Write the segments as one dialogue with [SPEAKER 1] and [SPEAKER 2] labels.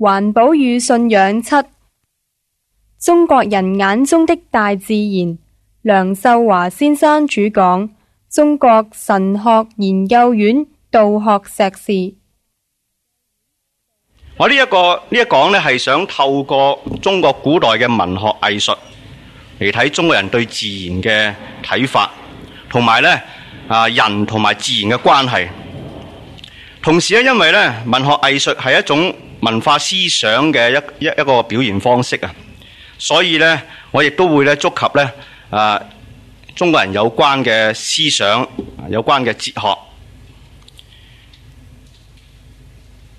[SPEAKER 1] 環保與信仰七，中國人眼中的大自然。梁壽華先生主講，中國神學研究院道學碩士。我、這個這個、講呢一個呢一講呢係想透過中國古代嘅文學藝術嚟睇中國人對自然嘅睇法，同埋呢啊人同埋自然嘅關係。同時呢，因為呢文學藝術係一種。文化思想嘅一一一個表現方式啊，所以呢我亦都會咧觸及咧啊中國人有關嘅思想，有關嘅哲學。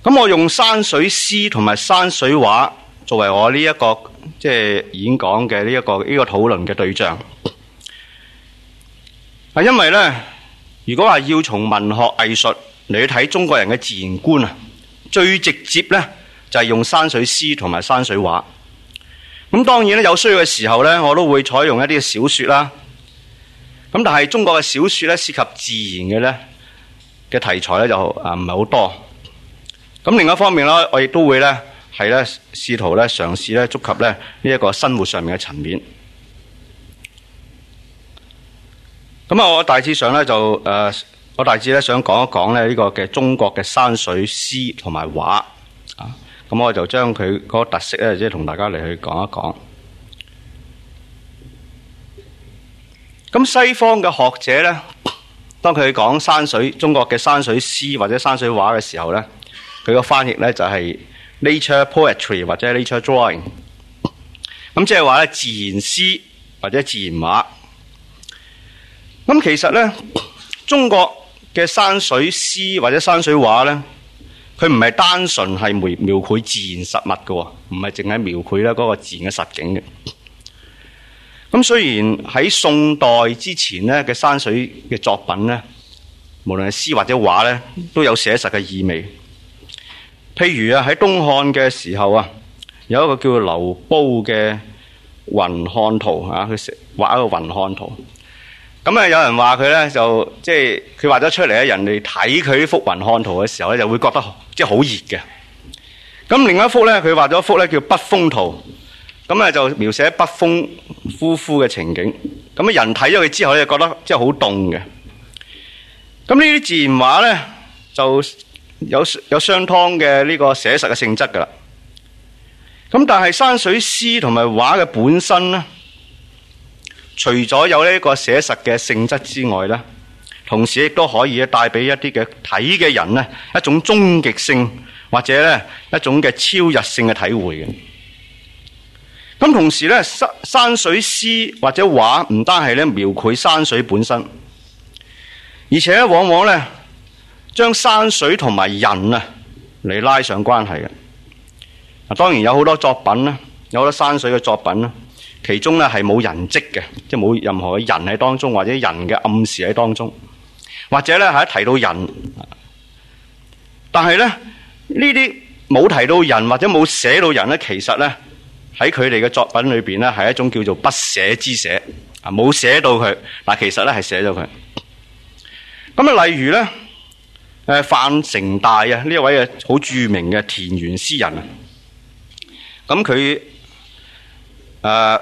[SPEAKER 1] 咁我用山水詩同埋山水畫作為我呢一個即係演講嘅呢一個呢個討論嘅對象。啊，因為咧，如果話要從文學藝術嚟睇中國人嘅自然觀啊。最直接呢，就係用山水詩同埋山水畫。咁當然咧，有需要嘅時候呢，我都會採用一啲小說啦。咁但係中國嘅小說呢，涉及自然嘅呢嘅題材呢，就啊唔係好多。咁另一方面呢，我亦都會呢，係呢，試圖呢，嘗試呢，觸及呢，呢一個生活上面嘅層面。咁啊，我大致上呢，就誒。我大致咧，想講一講咧，呢個嘅中國嘅山水詩同埋畫啊，咁我就將佢嗰個特色咧，即係同大家嚟去講一講。咁西方嘅學者咧，當佢講山水、中國嘅山水詩或者山水畫嘅時候咧，佢個翻譯咧，就係 nature poetry 或者 nature drawing。咁即係話咧，自然詩或者自然畫。咁其實咧，中國嘅山水詩或者山水畫呢，佢唔係單純係描描繪自然實物嘅，唔係淨係描繪咧嗰個自然嘅實景嘅。咁雖然喺宋代之前呢嘅山水嘅作品呢，無論係詩或者畫呢，都有寫實嘅意味。譬如啊，喺東漢嘅時候啊，有一個叫做劉褒嘅《雲漢圖》啊，佢畫一個《雲漢圖》。咁啊，有人話佢咧就即係佢畫咗出嚟啊！人哋睇佢幅雲漢圖嘅時候咧，就會覺得即係好熱嘅。咁、就是、另一幅咧，佢畫咗幅咧叫北風圖，咁啊就描寫北風呼呼嘅情景。咁啊人睇咗佢之後，就覺得即係好凍嘅。咁呢啲自然畫咧就有有相當嘅呢個寫實嘅性質噶啦。咁但係山水詩同埋畫嘅本身咧。除咗有呢個寫實嘅性質之外呢，同時亦都可以帶俾一啲嘅睇嘅人呢一種終極性或者呢一種嘅超越性嘅體會嘅。咁同時呢，山山水詩或者畫唔單係咧描繪山水本身，而且往往呢將山水同埋人啊嚟拉上關係嘅。嗱，當然有好多作品咧，有好多山水嘅作品咧。其中呢係冇人跡嘅，即係冇任何嘅人喺當中，或者人嘅暗示喺當中，或者呢係一提到人，但係呢呢啲冇提到人或者冇寫到人呢，其實呢喺佢哋嘅作品裏邊呢係一種叫做不寫之寫啊，冇寫到佢，但係其實呢係寫咗佢。咁啊，例如呢，誒范成大啊呢一位好著名嘅田園詩人啊，咁佢誒。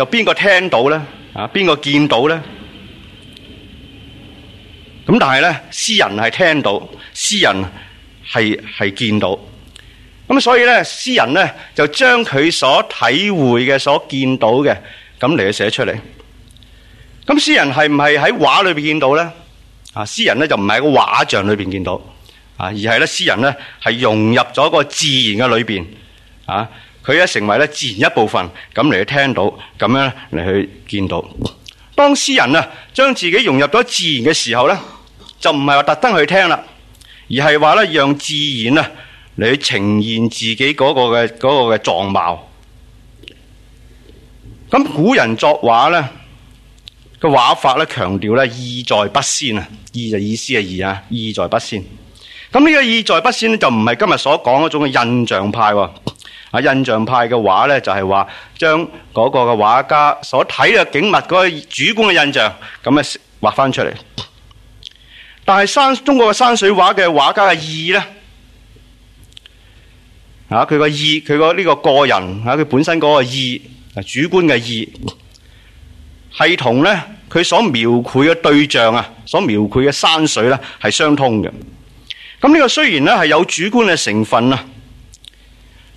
[SPEAKER 1] 就邊個聽到呢？啊，邊個見到呢？咁但係呢，詩人係聽到，詩人係係見到。咁所以呢，詩人呢就將佢所體會嘅、所見到嘅咁嚟寫出嚟。咁詩人係唔係喺畫裏邊見到呢？啊，詩人呢就唔係喺個畫像裏邊見到啊，而係呢，詩人呢係融入咗個自然嘅裏邊啊。佢一成為咧自然一部分，咁嚟去聽到，咁樣嚟去見到。當詩人啊，將自己融入咗自然嘅時候呢，就唔係話特登去聽啦，而係話呢，讓自然啊嚟去呈現自己嗰個嘅嗰嘅狀貌。咁古人作畫呢個畫法呢強調，呢：「意在筆先啊！意就意思啊，意啊，意在筆先。咁呢個意在筆先呢就唔係今日所講嗰種嘅印象派喎。印象派嘅畫呢，就係話將嗰個嘅畫家所睇嘅景物嗰個主觀嘅印象樣畫，咁啊畫翻出嚟。但係山中國嘅山水畫嘅畫家嘅意呢，佢個意，啊佢個，個，個意，佢個呢個個人啊，佢本身嗰個意啊主觀嘅意，係同呢，佢所描繪嘅對象啊，所描繪嘅山水呢係相通嘅。咁呢個雖然呢係有主觀嘅成分啊。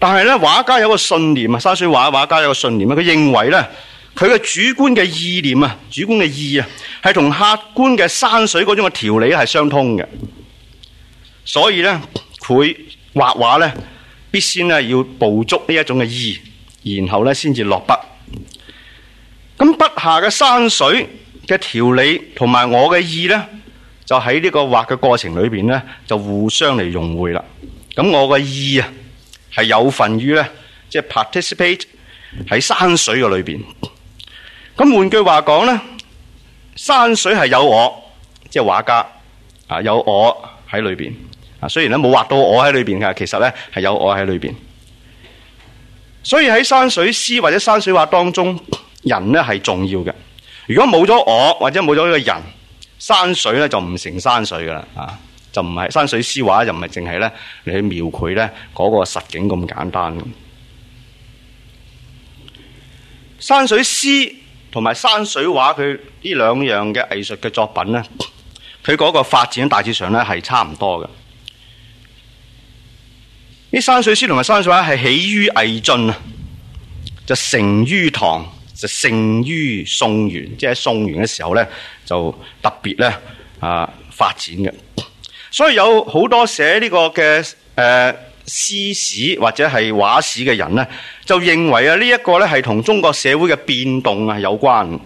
[SPEAKER 1] 但係咧，畫家有個信念啊，山水畫畫家有個信念啊，佢認為咧，佢嘅主觀嘅意念啊，主觀嘅意啊，係同客觀嘅山水嗰種嘅條理係相通嘅，所以咧，佢畫畫咧，必先咧要捕捉呢一種嘅意，然後咧先至落筆。咁筆下嘅山水嘅條理同埋我嘅意咧，就喺呢個畫嘅過程裏邊咧，就互相嚟融匯啦。咁我嘅意啊。係有份於呢，即係 participate 喺山水嘅裏邊。咁換句話講呢，山水係有我，即係畫家啊，有我喺裏邊啊。雖然呢冇畫到我喺裏邊嘅，其實呢係有我喺裏邊。所以喺山水詩或者山水畫當中，人呢係重要嘅。如果冇咗我或者冇咗一個人，山水呢就唔成山水噶啦啊！就唔係山水詩畫，就唔係淨係咧，你去描繪咧嗰個實景咁簡單。山水詩同埋山水畫，佢呢兩樣嘅藝術嘅作品咧，佢嗰個發展大致上咧係差唔多嘅。啲山水詩同埋山水畫係起於魏晉啊，就成於唐，就成於宋元，即係宋元嘅時候咧就特別咧啊發展嘅。所以有好多寫呢個嘅誒詩史或者係畫史嘅人呢，就認為啊，呢一個咧係同中國社會嘅變動啊有關。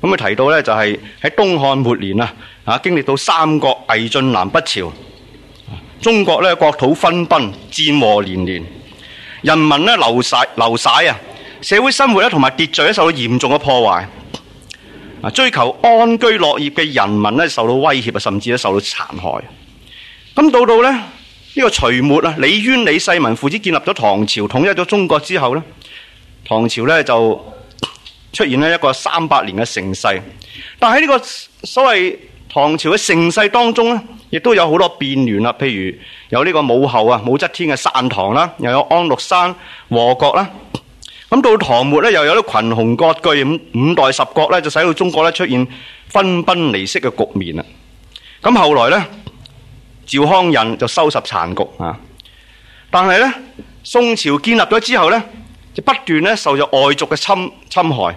[SPEAKER 1] 咁佢提到呢，就係喺東漢末年啊，啊經歷到三國魏晉南北朝，中國呢國土分崩，戰禍連連，人民呢流曬流曬啊，社會生活呢，同埋秩序咧受到嚴重嘅破壞。啊！追求安居樂業嘅人民咧，受到威脅啊，甚至咧受到殘害。咁到到咧呢個隋末啊，李淵、李世民父子建立咗唐朝，統一咗中國之後咧，唐朝咧就出現咗一個三百年嘅盛世。但喺呢個所謂唐朝嘅盛世當中咧，亦都有好多變亂啦。譬如有呢個武后啊，武則天嘅散唐啦，又有安祿山、和國啦。咁到唐末咧，又有啲群雄割據咁，五代十國咧就使到中國咧出現分崩離析嘅局面啦。咁後來咧，趙匡胤就收拾殘局啊。但係咧，宋朝建立咗之後咧，就不斷咧受咗外族嘅侵侵害，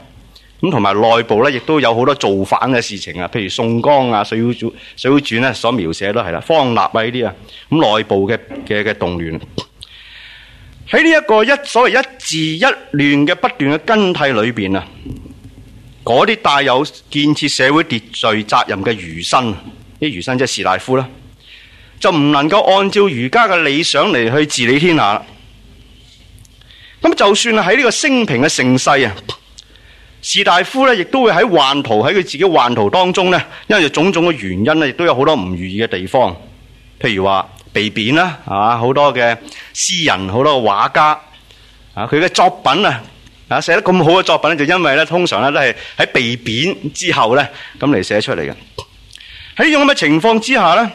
[SPEAKER 1] 咁同埋內部咧亦都有好多造反嘅事情啊，譬如宋江啊《水滸水滸傳》咧所描寫都係啦，方臘啊呢啲啊，咁內部嘅嘅嘅動亂。喺呢一個一所謂一字一亂嘅不斷嘅更替裏邊啊，嗰啲帶有建設社會秩序責任嘅儒生，啲儒生即士大夫啦，就唔能夠按照儒家嘅理想嚟去治理天下。咁就算喺呢個升平嘅盛世啊，士大夫咧亦都會喺幻途喺佢自己的幻途當中咧，因為種種嘅原因咧，亦都有好多唔如意嘅地方，譬如話被貶啦，係好多嘅。詩人、好多畫家啊，佢嘅作品啊啊寫得咁好嘅作品，就因為咧通常咧都係喺被貶之後咧咁嚟寫出嚟嘅。喺呢種咁嘅情況之下咧，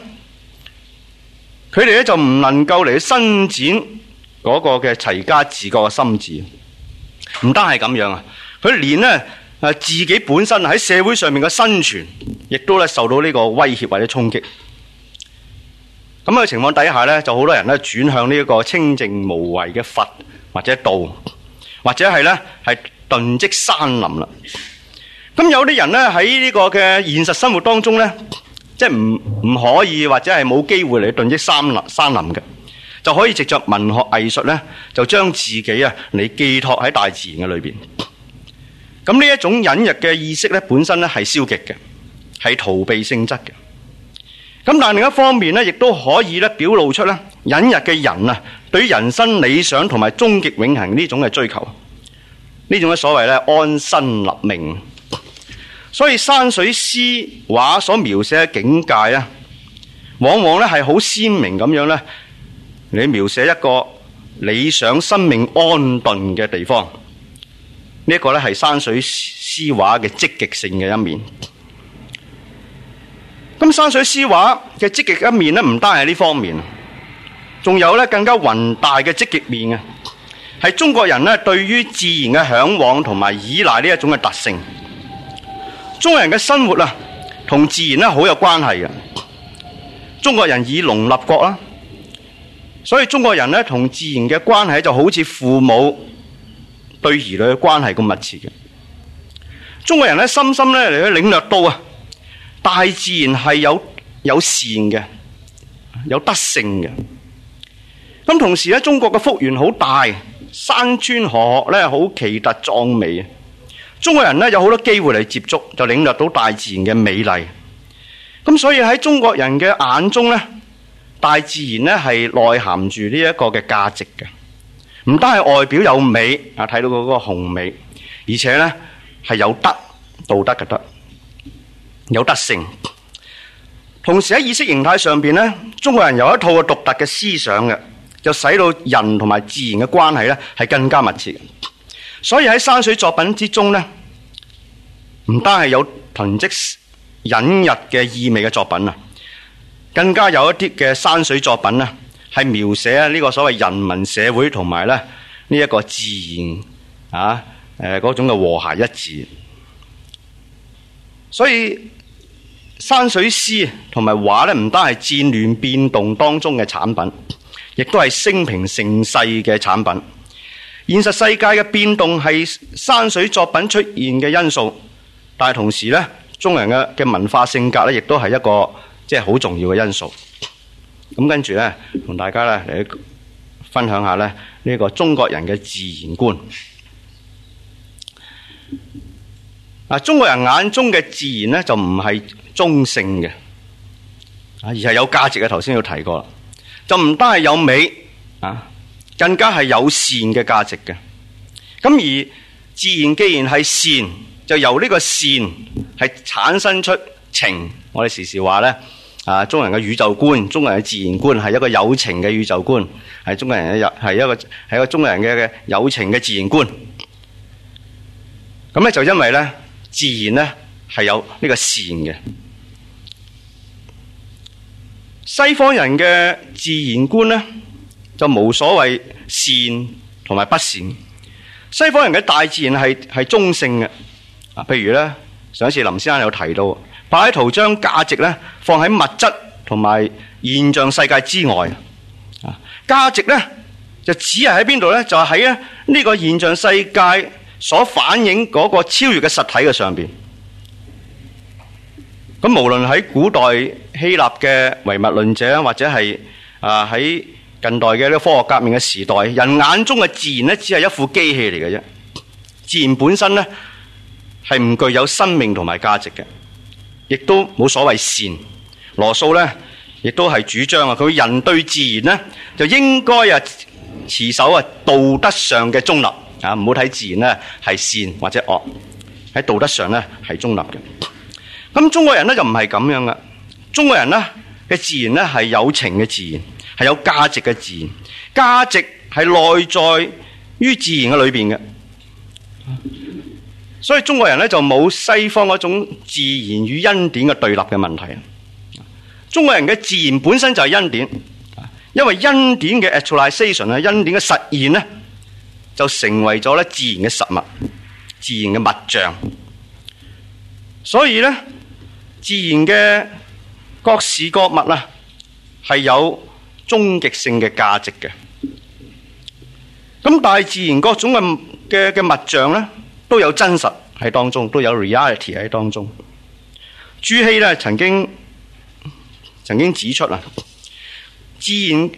[SPEAKER 1] 佢哋咧就唔能夠嚟伸展嗰個嘅齊家治國嘅心智。唔單係咁樣啊，佢連呢，啊自己本身喺社會上面嘅生存，亦都咧受到呢個威脅或者衝擊。咁嘅情況底下呢，就好多人呢轉向呢一個清淨無為嘅佛或者道，或者係呢係遁跡山林啦。咁有啲人呢，喺呢個嘅現實生活當中呢，即係唔唔可以或者係冇機會嚟遁跡山林山林嘅，就可以藉着文學藝術呢，就將自己啊嚟寄託喺大自然嘅裏面。咁呢一種隱入嘅意識呢，本身呢係消極嘅，係逃避性質嘅。咁但另一方面咧，亦都可以咧表露出咧隱逸嘅人啊，對人生理想同埋終極永恆呢種嘅追求，呢種嘅所謂咧安身立命。所以山水詩畫所描寫嘅境界咧，往往咧係好鮮明咁樣咧，你描寫一個理想生命安頓嘅地方，呢、這、一個咧係山水詩畫嘅積極性嘅一面。咁山水詩畫嘅積極一面呢，唔單係呢方面，仲有呢更加宏大嘅積極面，係中國人呢對於自然嘅向往同埋依賴呢一種嘅特性。中國人嘅生活啊，同自然好有關係。中國人以農立國啦，所以中國人呢，同自然嘅關係就好似父母對兒女嘅關係咁密切。中國人呢，深深咧嚟去領略到啊。大自然係有有善嘅，有德性嘅。咁同時咧，中國嘅幅員好大，山川河嶽咧好奇特壯美。中國人呢有好多機會嚟接觸，就領略到大自然嘅美麗。咁所以喺中國人嘅眼中呢，大自然呢係內含住呢一個嘅價值嘅。唔單係外表有美啊，睇到嗰個紅美，而且呢係有德，道德嘅德。有特性，同時喺意識形態上邊呢中國人有一套嘅獨特嘅思想嘅，就使到人同埋自然嘅關係咧係更加密切。所以喺山水作品之中呢唔單係有囤迹隱逸嘅意味嘅作品啊，更加有一啲嘅山水作品呢係描寫啊呢個所謂人民社會同埋咧呢一個自然啊嗰種嘅和諧一致。所以。山水詩同埋畫咧，唔單係戰亂變動當中嘅產品，亦都係升平盛世嘅產品。現實世界嘅變動係山水作品出現嘅因素，但係同時呢，中國人嘅嘅文化性格呢，亦都係一個即係好重要嘅因素。咁跟住呢，同大家呢嚟分享下呢呢個中國人嘅自然觀。嗱，中國人眼中嘅自然呢，就唔係中性嘅，啊，而係有價值嘅。頭先都提過啦，就唔單係有美啊，更加係有善嘅價值嘅。咁而自然既然係善，就由呢個善係產生出情。我哋時時話呢，啊，中國人嘅宇宙觀，中國人嘅自然觀係一個有情嘅宇宙觀，係中國人嘅，係一個係一個中國人嘅嘅有情嘅自然觀。咁咧就因為呢。自然呢係有呢個善嘅。西方人嘅自然觀呢，就無所謂善同埋不善。西方人嘅大自然係係中性嘅，啊，譬如呢，上一次林先生有提到，柏拉圖將價值呢放喺物質同埋現象世界之外，啊，價值呢，就只係喺邊度呢？就係喺呢個現象世界。所反映嗰個超越嘅實體嘅上邊，咁無論喺古代希臘嘅唯物論者或者係啊喺近代嘅呢科學革命嘅時代，人眼中嘅自然呢只係一副機器嚟嘅啫。自然本身呢係唔具有生命同埋價值嘅，亦都冇所謂善。羅素呢亦都係主張啊，佢人對自然呢，就應該啊持守啊道德上嘅中立。啊！唔好睇自然咧，係善或者惡，喺道德上咧係中立嘅。咁中國人咧就唔係咁樣嘅。中國人咧嘅自然咧係有情嘅自然，係有價值嘅自然，價值係內在於自然嘅裏邊嘅。所以中國人咧就冇西方嗰種自然與恩典嘅對立嘅問題。中國人嘅自然本身就係恩典，因為恩典嘅 actualization 啊，恩典嘅實現咧。就成為咗咧自然嘅實物，自然嘅物象。所以咧，自然嘅各事各物啊，係有終極性嘅價值嘅。咁大自然各種嘅嘅嘅物象咧，都有真實喺當中，都有 reality 喺當中。朱熹咧曾經曾經指出啦，自然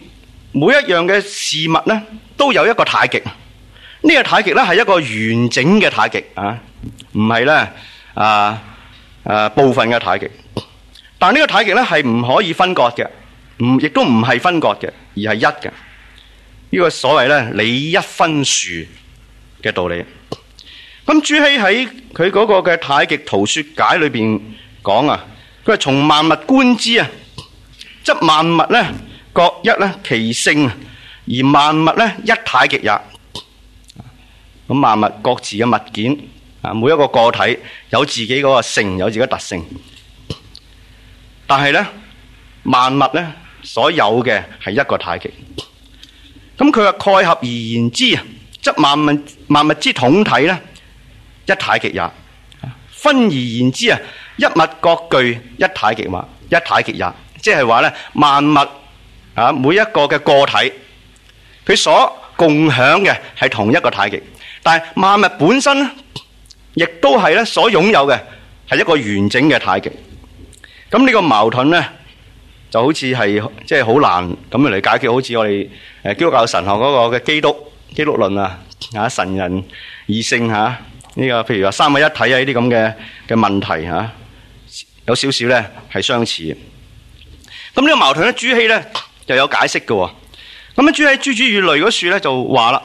[SPEAKER 1] 每一樣嘅事物咧，都有一個太極。呢個太極咧係一個完整嘅太極啊，唔係咧啊啊部分嘅太極。但呢個太極咧係唔可以分割嘅，唔亦都唔係分割嘅，而係一嘅。呢、這個所謂咧理一分殊嘅道理。咁朱熹喺佢嗰個嘅太極圖說解裏邊講啊，佢話從萬物觀之啊，即係萬物咧各一咧其性，而萬物咧一太極也。咁萬物各自嘅物件啊，每一個個體有自己嗰個性，有自己嘅特性。但係咧，萬物咧所有嘅係一個太極。咁佢話蓋合而言之啊，則萬物萬物之統體咧，一太極也。分而言之啊，一物各具一太極嘛，一太極也。即係話咧，萬物啊，每一個嘅個體，佢所共享嘅係同一個太極。但係萬物本身，亦都係咧所擁有嘅，係一個完整嘅太極。咁呢個矛盾咧，就好似係即係好難咁樣嚟解決。好似我哋誒基督教神學嗰個嘅基督基督論啊，吓神人二性吓、啊、呢、這個，譬如話三位一體啊呢啲咁嘅嘅問題吓、啊，有少少咧係相似。咁呢個矛盾咧，朱熹咧就有解釋嘅。咁啊，朱熹朱朱子語類嗰處咧就話啦。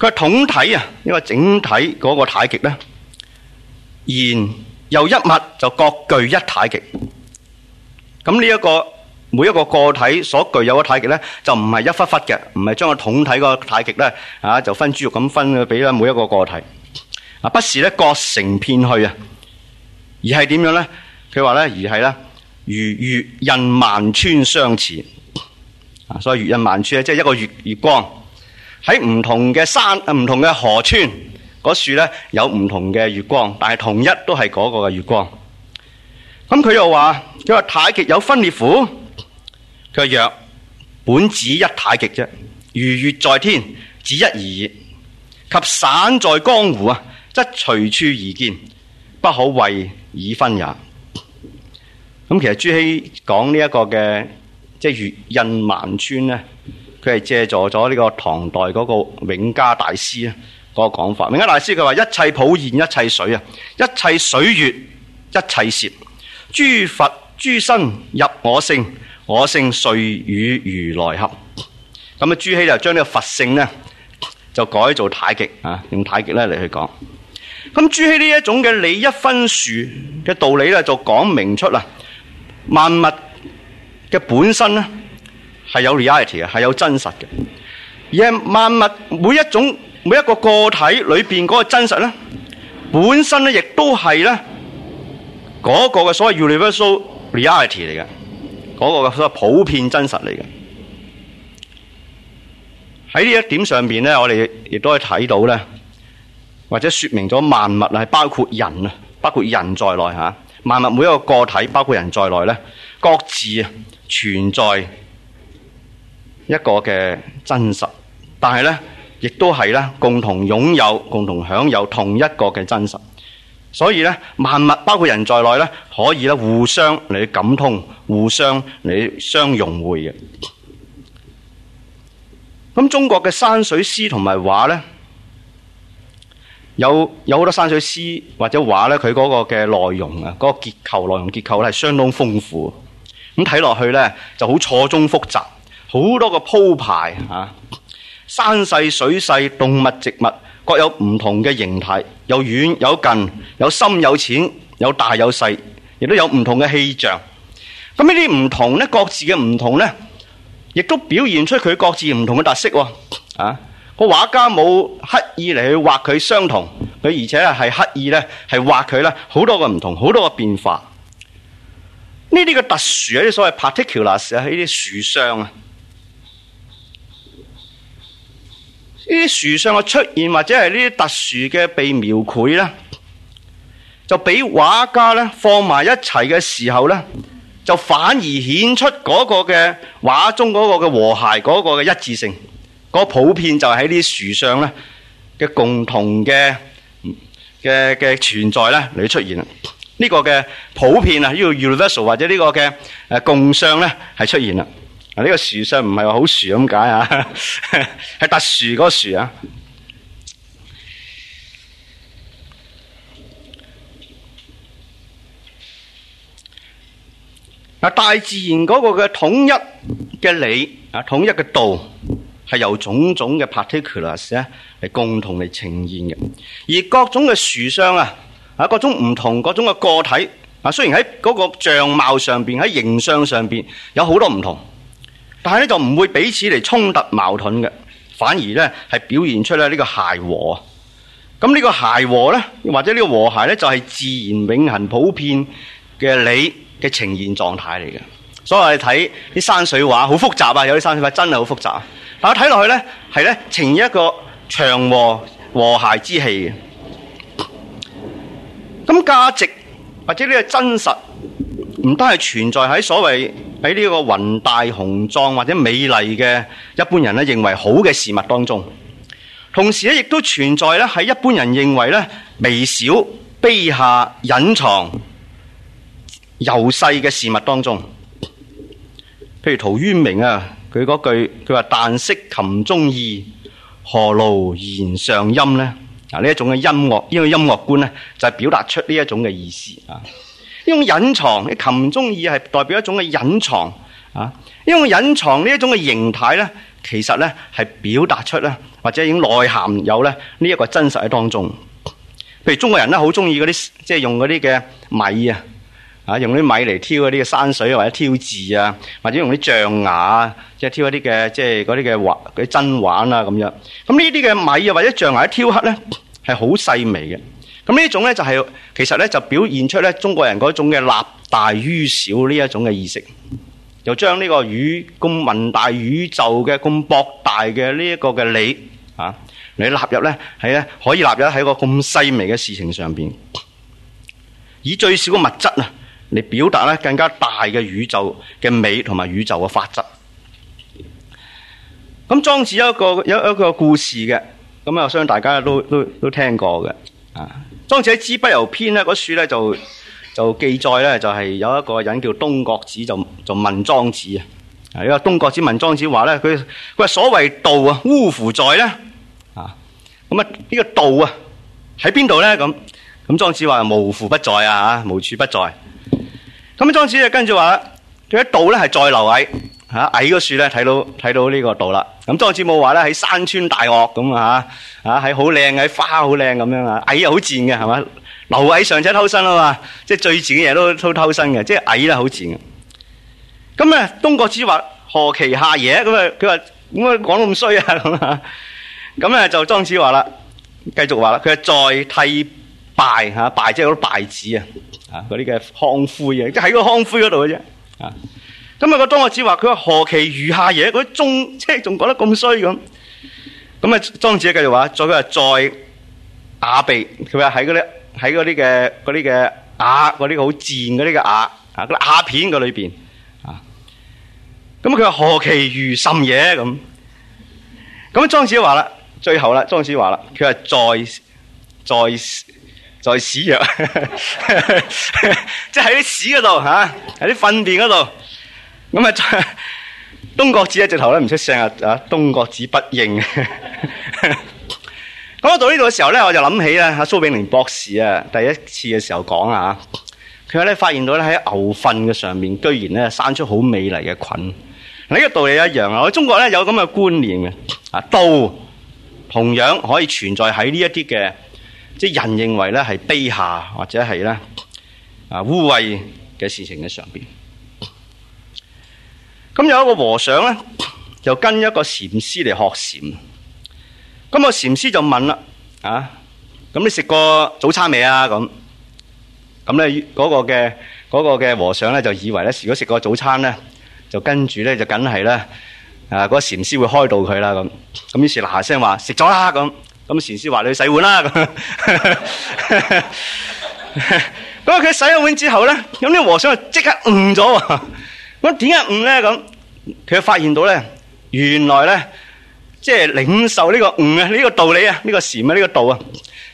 [SPEAKER 1] 佢統體啊，因為整體嗰個太極呢，然由一物就各具一太極。咁呢一個每一個個體所具有嘅太極呢，就唔係一忽忽嘅，唔係將個統體個太極呢，啊，就分豬肉咁分俾每一個個體。啊，不是呢各成片去啊，而係點樣呢？佢話呢，而係呢，如月印萬川相似。啊，所以月印萬川呢，即係一個月月光。喺唔同嘅山唔同嘅河川，嗰、那、樹、個、呢有唔同嘅月光，但係同一都係嗰個嘅月光他說。咁佢又話：，佢話太極有分裂符，佢若本只一太極啫，如月在天，只一而已；，及散在江湖啊，則隨處而見，不可謂已分也。咁其實朱熹講、就是、呢一個嘅，即係月印萬川呢。佢係借助咗呢個唐代嗰個永嘉大師啊嗰個講法，永嘉大師佢話一切普現一切水啊，一切水月，一切攝，諸佛諸身入我性，我性隨與如來合。咁啊朱熹就將呢個佛性呢，就改做太極啊，用太極咧嚟去講。咁朱熹呢一種嘅理一分殊嘅道理咧，就講明出啦，萬物嘅本身咧係有 reality 嘅，係有真實嘅。而萬物每一種每一個個體裏邊嗰個真實咧，本身咧亦都係咧嗰個嘅所謂 universal reality 嚟嘅，嗰個嘅所謂普遍真實嚟嘅。喺呢一點上邊咧，我哋亦都可以睇到咧，或者説明咗萬物係，包括人啊，包括人在內嚇、啊，萬物每一個個體，包括人在內咧，各自存在，一個嘅真實，但係呢亦都係呢共同擁有、共同享有同一個嘅真實。所以呢，萬物包括人在內呢，可以互相嚟感通、互相嚟相融匯嘅。咁中國嘅山水詩同埋畫呢，有有好多山水詩或者畫呢，佢嗰個嘅內容啊，嗰、嗰個結構、內容結構係係相當豐富。咁睇落去呢，就好錯綜複雜。好多個鋪排啊！山勢、水勢、動物、植物各有唔同嘅形態，有遠有近，有深有淺，有大有細，亦都有唔同嘅氣象。咁呢啲唔同咧，各自嘅唔同咧，亦都表現出佢各自唔同嘅特色喎。啊，個、啊、畫家冇刻意嚟去畫佢相同，佢而且係刻意咧係畫佢咧好多個唔同，好多個變化。呢啲嘅特殊啊，啲所謂 particulars 啊，喺啲樹上啊。呢啲樹上嘅出現或者係呢啲特殊嘅被描繪咧，就俾畫家咧放埋一齊嘅時候咧，就反而顯出嗰個嘅畫中嗰個嘅和諧嗰、嗰個嘅一致性，嗰個普遍就喺呢啲樹上咧嘅共同嘅嘅嘅存在咧嚟出現啦。呢、呢個嘅普遍啊，呢、呢個 universal 或者呢個嘅誒共相咧係出現啦。呢個樹上唔係話好樹咁解啊，係特殊嗰個樹啊。嗱，大自然嗰個嘅統一嘅理啊，統一嘅道，係由種種嘅 particulars 咧，係共同嚟呈現嘅。而各種嘅樹相啊，啊各種唔同、各種嘅個體啊，雖然喺嗰個相貌上邊、喺形象上邊有好多唔同。但係咧就唔會彼此嚟衝突矛盾嘅，反而咧係表現出咧呢個諧和。咁呢個諧和咧，或者呢個和諧咧，就係、是、自然永恒普遍嘅理嘅呈現狀態嚟嘅。所以我哋睇啲山水畫好複雜啊，有啲山水畫真係好複雜，但我睇落去咧係咧呈現一個祥和和諧之氣嘅。咁價值或者呢個真實。唔單係存在喺所謂喺呢個宏大雄壯或者美麗嘅一般人咧認為好嘅事物當中，同時咧亦都存在咧喺一般人認為咧微小、卑下、隱藏、幼細嘅事物當中。譬如陶淵明啊，佢嗰句佢話但識琴中意，何勞弦上音呢，啊，呢一種嘅音樂呢個音樂觀咧就係表達出呢一種嘅意思啊。呢種隱藏，你琴中意係代表一種嘅隱藏啊！呢種隱藏呢一種嘅形態咧，其實咧係表達出咧，或者已經內涵有咧呢一個真實喺當中。譬如中國人咧好中意嗰啲，即係用嗰啲嘅米啊，啊用啲米嚟挑嗰啲嘅山水啊，或者挑字啊，或者用啲象牙啊，即係挑一啲嘅，即係嗰啲嘅畫，啲真玩啊。咁樣。咁呢啲嘅米啊，或者象牙挑黑咧，係好細微嘅。咁呢種呢，就係，其實呢，就表現出呢中國人嗰種嘅「立大於小」呢一種嘅意識，又將呢個宇咁宏大宇宙嘅咁博大嘅呢一個嘅理啊嚟納入呢，喺呢可以納入喺個咁細微嘅事情上邊，以最少嘅物質啊嚟表達呢更加大嘅宇宙嘅美同埋宇宙嘅法則。咁莊子有一個有一個故事嘅，咁啊相信大家都都都聽過嘅啊。莊子喺《知北遊篇》咧，嗰書咧就就記載咧，就係有一個人叫東郭子就，就就問莊子啊。呢個東郭子問莊子話咧，佢佢話所謂道啊，烏乎在咧？啊，咁啊呢個道啊喺邊度咧？咁咁莊子話無乎不在啊，嚇無處不在。咁莊子就跟住話佢喺道咧係在留喺。」.吓、啊、蟻樹咧，睇到睇到這個了呢個度啦。咁莊子冇話咧喺山川大惡咁啊吓吓喺好靚，喺花好靚咁樣啊蟻又好賤嘅係嘛？螻蟻尚且偷生啦嘛、啊，即係最賤嘅嘢都都偷生嘅，即係蟻啦好賤。咁啊，東郭子話何其下邪？咁啊，佢話點解講到咁衰啊？咁、就是、啊，咁就莊子話啦，繼續話啦，佢又再稊稗吓稗即係嗰啲稗子啊，啊嗰啲嘅康灰嘢，即係喺個康灰嗰度嘅啫啊。咁啊！個莊子話佢話何其余下嘢？佢中即係仲覺得咁衰咁。咁啊，莊子繼續話，再佢話再瓦鼻，佢話喺嗰啲喺嗰啲嘅嗰啲嘅瓦，嗰啲好賤嗰啲嘅瓦啊，嗰啲瓦片嘅裏邊啊。咁佢話何其余甚嘢咁。咁莊子話啦，最後啦，莊子話啦，佢話再再再死藥， 屎藥，即係喺啲屎嗰度吓，喺啲糞便度。咁啊， 東國子一直頭咧唔出聲啊！啊，東國子不應。咁我到呢度嘅時候咧，我就諗起啦，阿蘇炳麟博士啊，第一次嘅時候講啊，佢話咧發現到咧喺牛糞嘅上面，居然咧生出好美麗嘅菌。呢個道理一樣啊！我中國咧有咁嘅觀念嘅，啊道同樣可以存在喺呢一啲嘅，即係人認為咧係卑下或者係咧啊污穢嘅事情嘅上邊。咁有一個和尚咧，就跟一個禪師嚟學禪。咁、那個禪師就問啦：啊，咁你食過早餐未啊？咁咁咧個嘅、那個嘅和尚咧，就以為咧，如果食過早餐咧，就跟住咧就梗係咧，啊、那、嗰個禪師會開導佢啦咁。咁於是嗱聲話食咗啦咁。咁、那、禪、個、師話你去洗碗啦咁。咁佢 洗咗碗之後咧，咁、那、呢、個、和尚就即刻悟咗。咁點解悟咧咁？佢發現到咧，原來咧，即係領受呢個悟啊，呢個道理啊，呢個禪啊，呢個道啊，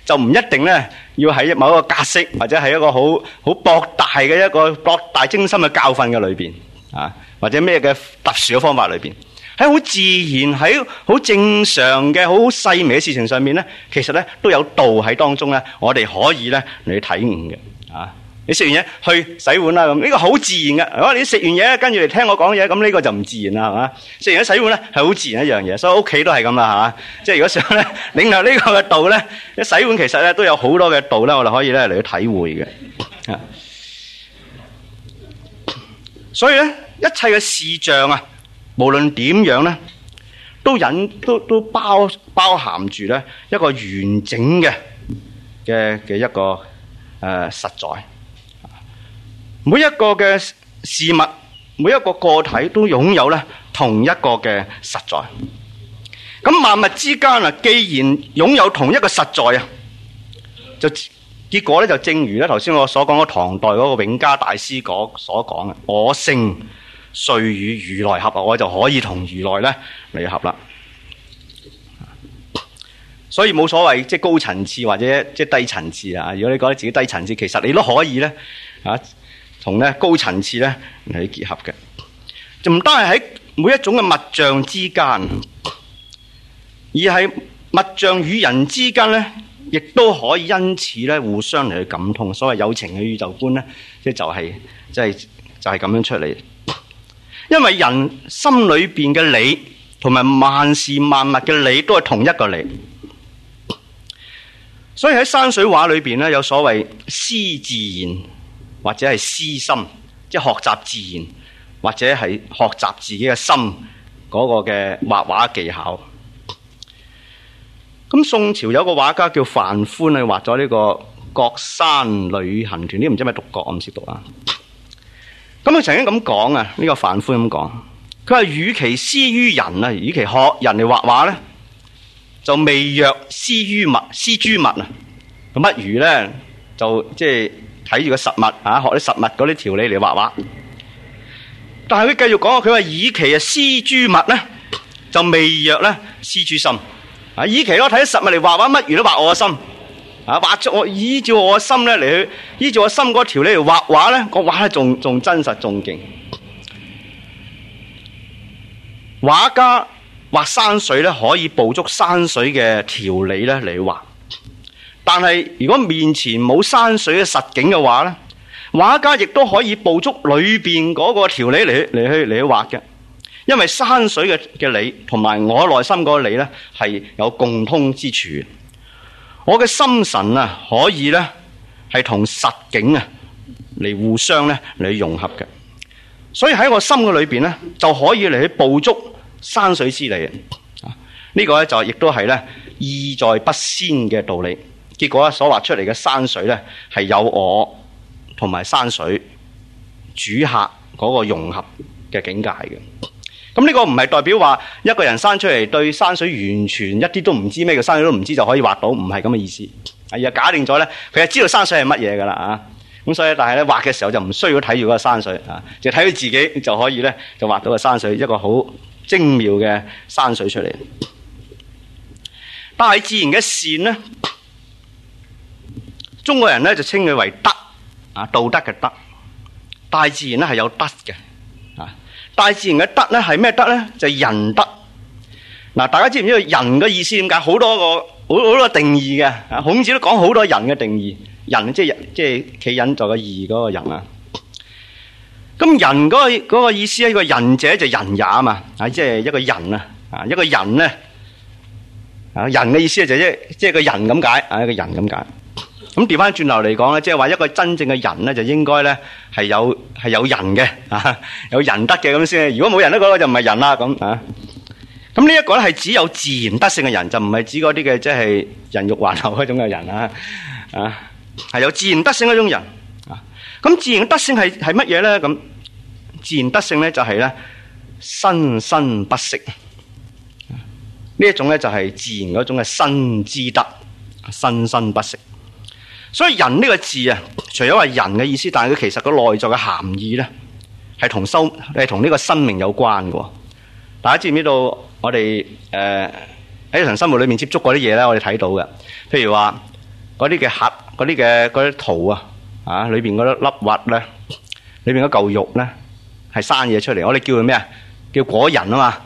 [SPEAKER 1] 就唔一定咧，要喺某一個格式，或者係一個好好博大嘅一個博大精深嘅教訓嘅裏邊啊，或者咩嘅特殊嘅方法裏邊，喺好自然、喺好正常嘅好細微嘅事情上面咧，其實咧都有道喺當中咧，我哋可以咧嚟體悟嘅。你食完嘢去洗碗啦，咁、這、呢個好自然嘅。我你食完嘢，跟住嚟聽我講嘢，咁、這、呢個就唔自然啦，係嘛？食完嘢洗碗咧，係好自然一樣嘢，所以我屋企都係咁啦，吓。即係如果想咧領悟呢個嘅道咧，洗碗其實咧都有好多嘅度咧，我哋可以咧嚟去體會嘅。所以咧，一切嘅事像啊，無論點樣咧，都引都都包包含住咧一個完整嘅嘅嘅一個誒、呃、實在。每一個嘅事物，每一個個體都擁有呢同一個嘅實在。咁萬物之間啊，既然擁有同一個實在啊，就結果呢就正如呢頭先我所講嘅唐代嗰個永嘉大師所講嘅，我性歲與如來合，我就可以同如來呢嚟合啦。所以冇所謂，即係高層次或者即係低層次啊。如果你覺得自己低層次，其實你都可以呢。啊。同咧高層次咧係結合嘅，就唔單係喺每一種嘅物象之間，而係物象與人之間咧，亦都可以因此咧互相嚟去感通。所謂有情嘅宇宙觀咧、就係，即就係即係就係、係、咁樣出嚟。因為人心裏邊嘅理，同埋萬事萬物嘅理，都係同一個理。所以喺山水畫裏邊咧，有所謂師自然。或者係師心，即係學習自然，或者係學習自己嘅心嗰、嗰個嘅畫畫技巧。咁宋朝有個畫家叫范寬啊，畫咗呢個《國山旅行團》，呢啲唔知係咪讀國，我唔識讀啊。咁佢曾經咁講啊，呢、呢個范寬咁講，佢話與其師於人啊，與其學人嚟畫畫咧，就未若師於物，師諸物啊。咁不如咧，就即係。睇住個實物啊，學啲實物嗰啲條理嚟畫畫。但係佢繼續講，佢話以其啊施諸物咧，就未若咧施諸心啊。以其咯睇啲實物嚟畫畫，乜嘢都畫我嘅心啊，畫出我依照我心咧嚟去依照我嘅心嗰條理嚟畫畫咧，個畫咧仲仲真實仲勁。畫家畫山水咧，可以捕捉山水嘅條理咧嚟畫。但係，如果面前冇山水嘅實景嘅話呢，畫家亦都可以捕捉裏邊嗰個條理嚟去嚟去畫嘅，因為山水嘅嘅理同埋我內心嗰個理呢係有共通之處，我嘅心神啊可以呢係同實景啊嚟互相呢嚟融合嘅，所以喺我心嘅裏邊呢，就可以嚟去捕捉山水之理。呢個呢，就亦都係呢意在不先嘅道理。結果咧所畫出嚟嘅山水咧，係有我同埋山水主客嗰個融合嘅境界嘅。咁呢個唔係代表話一個人生出嚟對山水完全一啲都唔知咩嘅山水都唔知，就可以畫到，唔係咁嘅意思。係啊，假定咗咧，佢係知道山水係乜嘢噶啦啊。咁所以但呢，但係咧畫嘅時候就唔需要睇住嗰個山水啊，就睇佢自己就可以咧，就畫到個山水一個好精妙嘅山水出嚟。但係自然嘅線呢。中國人咧就稱佢為德。啊，道德嘅德，大自然咧係有德嘅。啊，大自然嘅德咧係咩德咧？就係仁德。嗱，大家知唔知道人嘅意思點解？好多個，好好多個定義嘅。啊，孔子都講好多人嘅定義，人即係即係企忍在個義嗰個人啊。咁人嗰個、嗰個意思係一個仁者就仁也嘛，啊即係一個人啊，啊一個人咧，啊人嘅意思就即即係個人咁解，啊一個人咁解。咁調翻轉頭嚟講咧，即係話一個真正嘅人咧，就應該咧係有係有人嘅啊，有仁德嘅咁先。如果冇仁德嗰、那個就唔係人啦，咁啊。咁呢一個咧係指有自然德性嘅人，就唔係指嗰啲嘅即係人欲橫流嗰種嘅人啊。啊，係有自然德性嗰種人啊。咁自然德性係係乜嘢咧？咁自然德性咧就係咧生生不息，呢一種咧就係自然嗰種嘅生之德，生生不息。所以人呢個字啊，除咗話人嘅意思，但係佢其實個內在嘅含義咧，係同生，係同呢個生命有關嘅。大家知唔知道我哋誒喺日常生活裏面接觸嗰啲嘢咧？我哋睇到嘅，譬如話嗰啲嘅核，嗰啲嘅嗰啲桃啊，啊裏邊嗰粒粒核咧，裏邊嗰嚿肉咧，係生嘢出嚟，我哋叫佢咩啊？叫果仁啊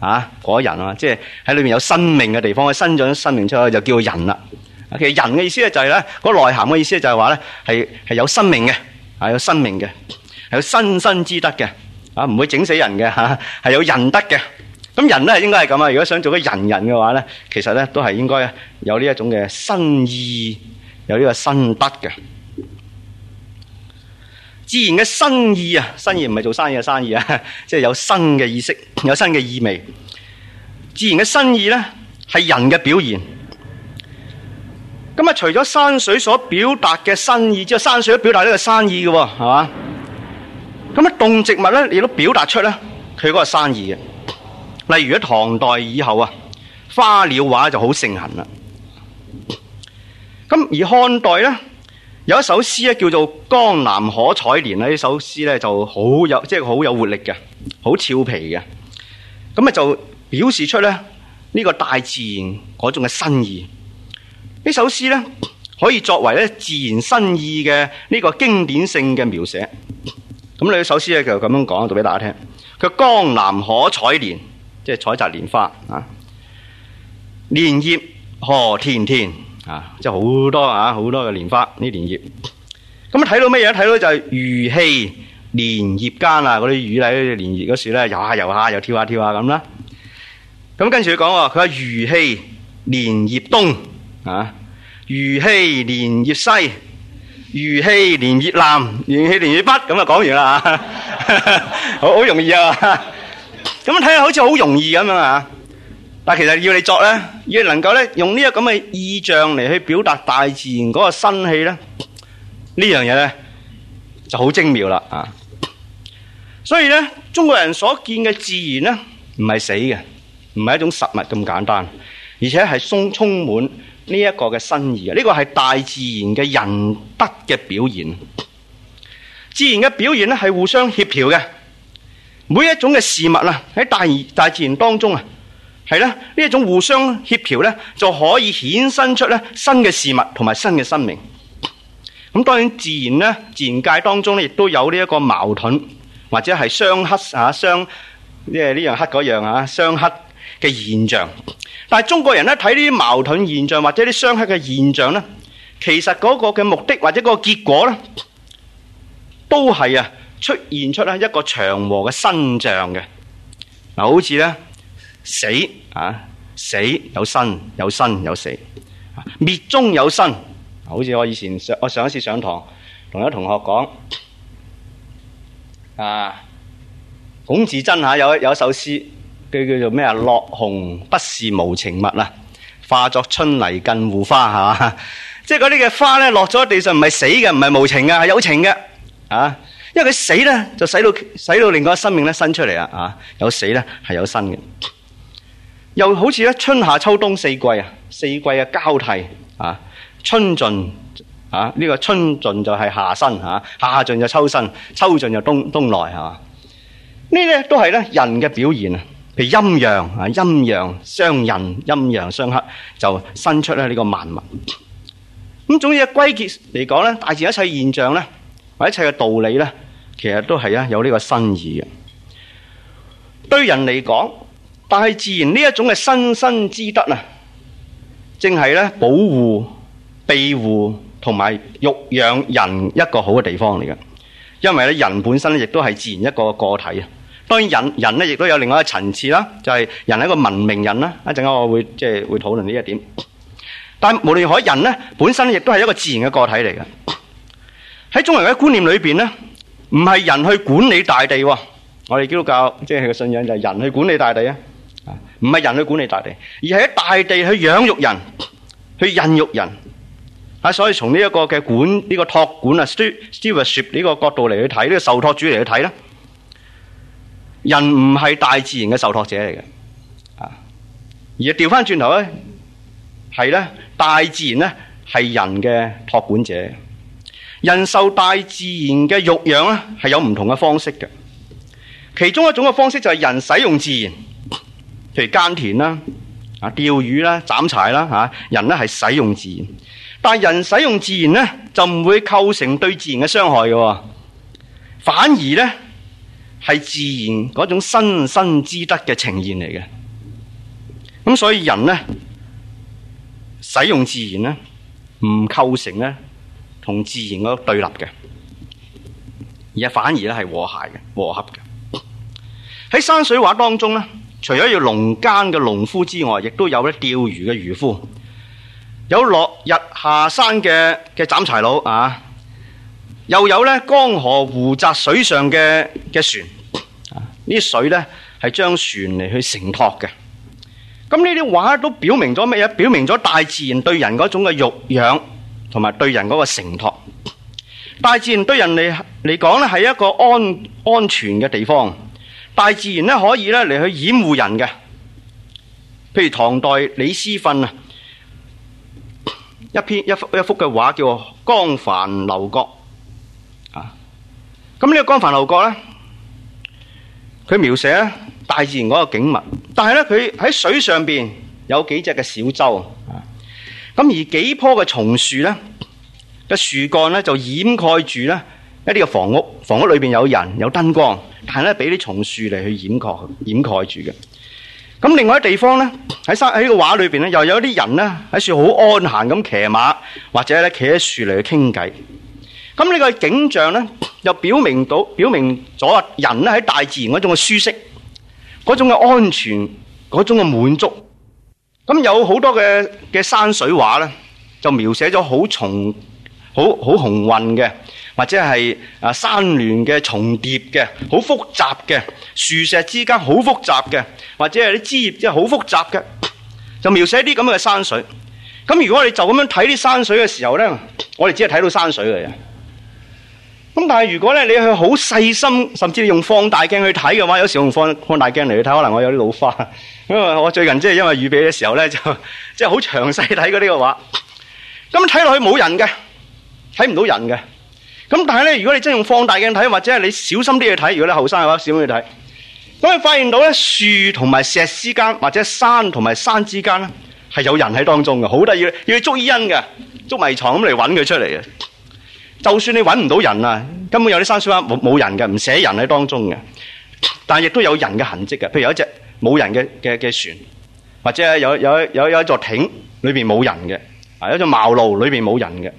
[SPEAKER 1] 嘛，啊果仁啊嘛，即係喺裏面有生命嘅地方，生咗生命出嚟，就叫人啦。其實人嘅意思咧就係、是、咧，呢個內涵嘅意思咧就係話咧，係係有生命嘅，係有生命嘅，係有生生之德嘅，啊，唔會整死人嘅，吓係有仁德嘅。咁人咧應該係咁啊，如果想做個仁人嘅話咧，其實咧都係應該有呢一種嘅生意，有呢個新德嘅。自然嘅生意啊，生意唔係做生意嘅生意啊，即係有新嘅意識，有新嘅意味。自然嘅生意咧係人嘅表現。咁啊，除咗山水所表達嘅新意之外，山水都表達呢個新意嘅，係嘛？咁啊，動植物咧，你都表達出咧，佢嗰個新意嘅。例如，喺唐代以後啊，花鳥畫就好盛行啦。咁而漢代咧，有一首詩咧，叫做《江南可採蓮》呢，呢首詩咧，就好有，即係好有活力嘅，好俏皮嘅。咁啊，就表示出咧呢個大自然嗰種嘅新意。呢首詩咧可以作為咧自然新意嘅呢個經典性嘅描寫。咁呢首詩咧就咁樣講，讀俾大家聽。佢江南可采蓮，即係採摘蓮花啊。蓮葉何田田啊，即係好多啊，好多嘅蓮花呢蓮葉。咁睇到咩嘢？睇到就係魚戲蓮葉間啦，嗰啲魚喺蓮葉嗰咧游下游下，又跳下跳下咁啦。咁跟住佢講，佢話魚戲蓮葉東。啊！魚戲蓮葉西，魚戲蓮葉南，魚戲蓮葉北，咁啊講完啦， 好很容易啊！咁睇下，好似好容易咁樣啊！但其實要你作呢，要能夠呢，用呢個咁嘅意象嚟去表達大自然嗰個生氣呢。這樣呢樣嘢呢就好精妙啦啊！所以呢，中國人所見嘅自然呢，唔係死嘅，唔係一種實物咁簡單，而且係充充滿。呢一個嘅新意，呢個係大自然嘅仁德嘅表現。自然嘅表現咧係互相協調嘅，每一種嘅事物啊喺大大自然當中啊係咧呢一種互相協調咧就可以衍生出咧新嘅事物同埋新嘅生命。咁當然，自然咧自然界當中咧亦都有呢一個矛盾或者係相克啊相即係呢樣克嗰樣啊相克嘅現象。但係中國人咧睇呢啲矛盾現象或者啲相克嘅現象咧，其實嗰個嘅目的或者嗰個結果咧，都係啊出現出咧一個祥和嘅生象嘅。嗱，好似咧死啊死有生，有生有死，滅、啊、中有生。好似我以前上我上一次上堂同一同學講啊，孔子真下、啊、有一有一首詩。佢叫做咩啊？落紅不是無情物啊，化作春泥更護花，係嘛？即係嗰啲嘅花咧，落咗地上唔係死嘅，唔係無情嘅，係有情嘅啊！因為佢死咧，就使到使到另外一個生命咧生出嚟啦啊！有死咧係有生嘅，又好似咧春夏秋冬四季啊，四季嘅交替啊，春盡啊，呢、這個春盡就係夏生啊，夏盡就秋生，秋盡就冬冬來啊！呢啲都係咧人嘅表現啊。其陰陽啊，陰陽相引，陰陽相克，就生出咧呢個萬物。咁總之歸結嚟講咧，大自然一切現象咧，或一切嘅道理咧，其實都係啊有呢個新意嘅。對人嚟講，大自然呢一種嘅生生之德啊，正係咧保護、庇護同埋育養人一個好嘅地方嚟嘅。因為咧人本身亦都係自然一個個體啊。當然，人人咧亦都有另外一個層次啦，就係人係一個文明人啦。一陣間我會即係會討論呢一點。但無論喺人咧本身，亦都係一個自然嘅個體嚟嘅。喺中國人嘅觀念裏邊咧，唔係人去管理大地。我哋基督教即係個信仰就係人去管理大地啊，唔係人去管理大地，而係喺大地去養育人，去孕育人啊。所以從呢一個嘅管呢個託管啊，stewardship 呢個角度嚟去睇呢個受託主嚟去睇啦。人唔係大自然嘅受託者嚟嘅，而掉返轉頭咧，係咧大自然咧係人嘅託管者。人受大自然嘅育養咧係有唔同嘅方式嘅。其中一種嘅方式就係人使用自然，譬如耕田啦、啊釣魚啦、斬柴啦，吓人咧係使用自然。但係人使用自然咧就唔會構成對自然嘅傷害嘅，反而咧。係自然嗰種生生之德嘅呈現嚟嘅，咁所以人呢使用自然呢，唔構成呢同自然個對立嘅，而反而呢係和諧嘅、和合嘅。喺山水畫當中呢，除咗要農耕嘅農夫之外，亦都有呢釣魚嘅漁夫，有落日下山嘅嘅斬柴佬啊，又有呢江河湖澤水上嘅嘅船。呢啲水呢係將船嚟去承托嘅，咁呢啲畫都表明咗乜嘢？表明咗大自然對人嗰種嘅育養，同埋對人嗰個承托。大自然對人嚟嚟講呢係一個安安全嘅地方，大自然呢可以呢嚟去掩護人嘅。譬如唐代李思訓啊，一篇一幅一幅嘅畫叫《江帆樓閣》啊，咁呢個《江帆樓閣》呢。佢描寫咧大自然嗰個景物，但係咧佢喺水上邊有幾隻嘅小舟啊，咁而幾棵嘅松樹咧嘅樹幹咧就掩蓋住咧一啲嘅房屋，房屋裏邊有人有燈光，但係咧俾啲松樹嚟去掩蓋掩蓋住嘅。咁另外一地方咧喺山喺個畫裏邊咧又有啲人咧喺樹好安閒咁騎馬，或者咧企喺樹嚟傾偈。咁呢個景象咧，又表明到表明咗人咧喺大自然嗰種嘅舒適，嗰種嘅安全，嗰種嘅滿足。咁有好多嘅嘅山水畫咧，就描寫咗好重、好好雄渾嘅，或者係啊山巒嘅重疊嘅，好複雜嘅，樹石之間好複雜嘅，或者係啲枝葉即係好複雜嘅，就描寫啲咁嘅山水。咁如果你就咁樣睇啲山水嘅時候咧，我哋只係睇到山水嚟嘅。咁但係如果咧你去好細心，甚至用放大鏡去睇嘅話，有時用放放大鏡嚟去睇，可能我有啲老花，因為我最近即係因為預備嘅時候咧，就即係好詳細睇嗰啲嘅畫。咁睇落去冇人嘅，睇唔到人嘅。咁但係咧，如果你真係用放大鏡睇，或者係你小心啲去睇，如果你後生嘅話，小心去睇，咁你發現到咧樹同埋石之間，或者山同埋山之間咧，係有人喺當中嘅，好得意，要去捉伊因嘅，捉迷藏咁嚟揾佢出嚟嘅。就算你揾唔到人啊，根本有啲山水畫冇冇人嘅，唔寫人喺當中嘅，但係亦都有人嘅痕跡嘅。譬如有一隻冇人嘅嘅嘅船，或者有有有有一座艇裏邊冇人嘅，啊，有一座茅廬裏邊冇人嘅，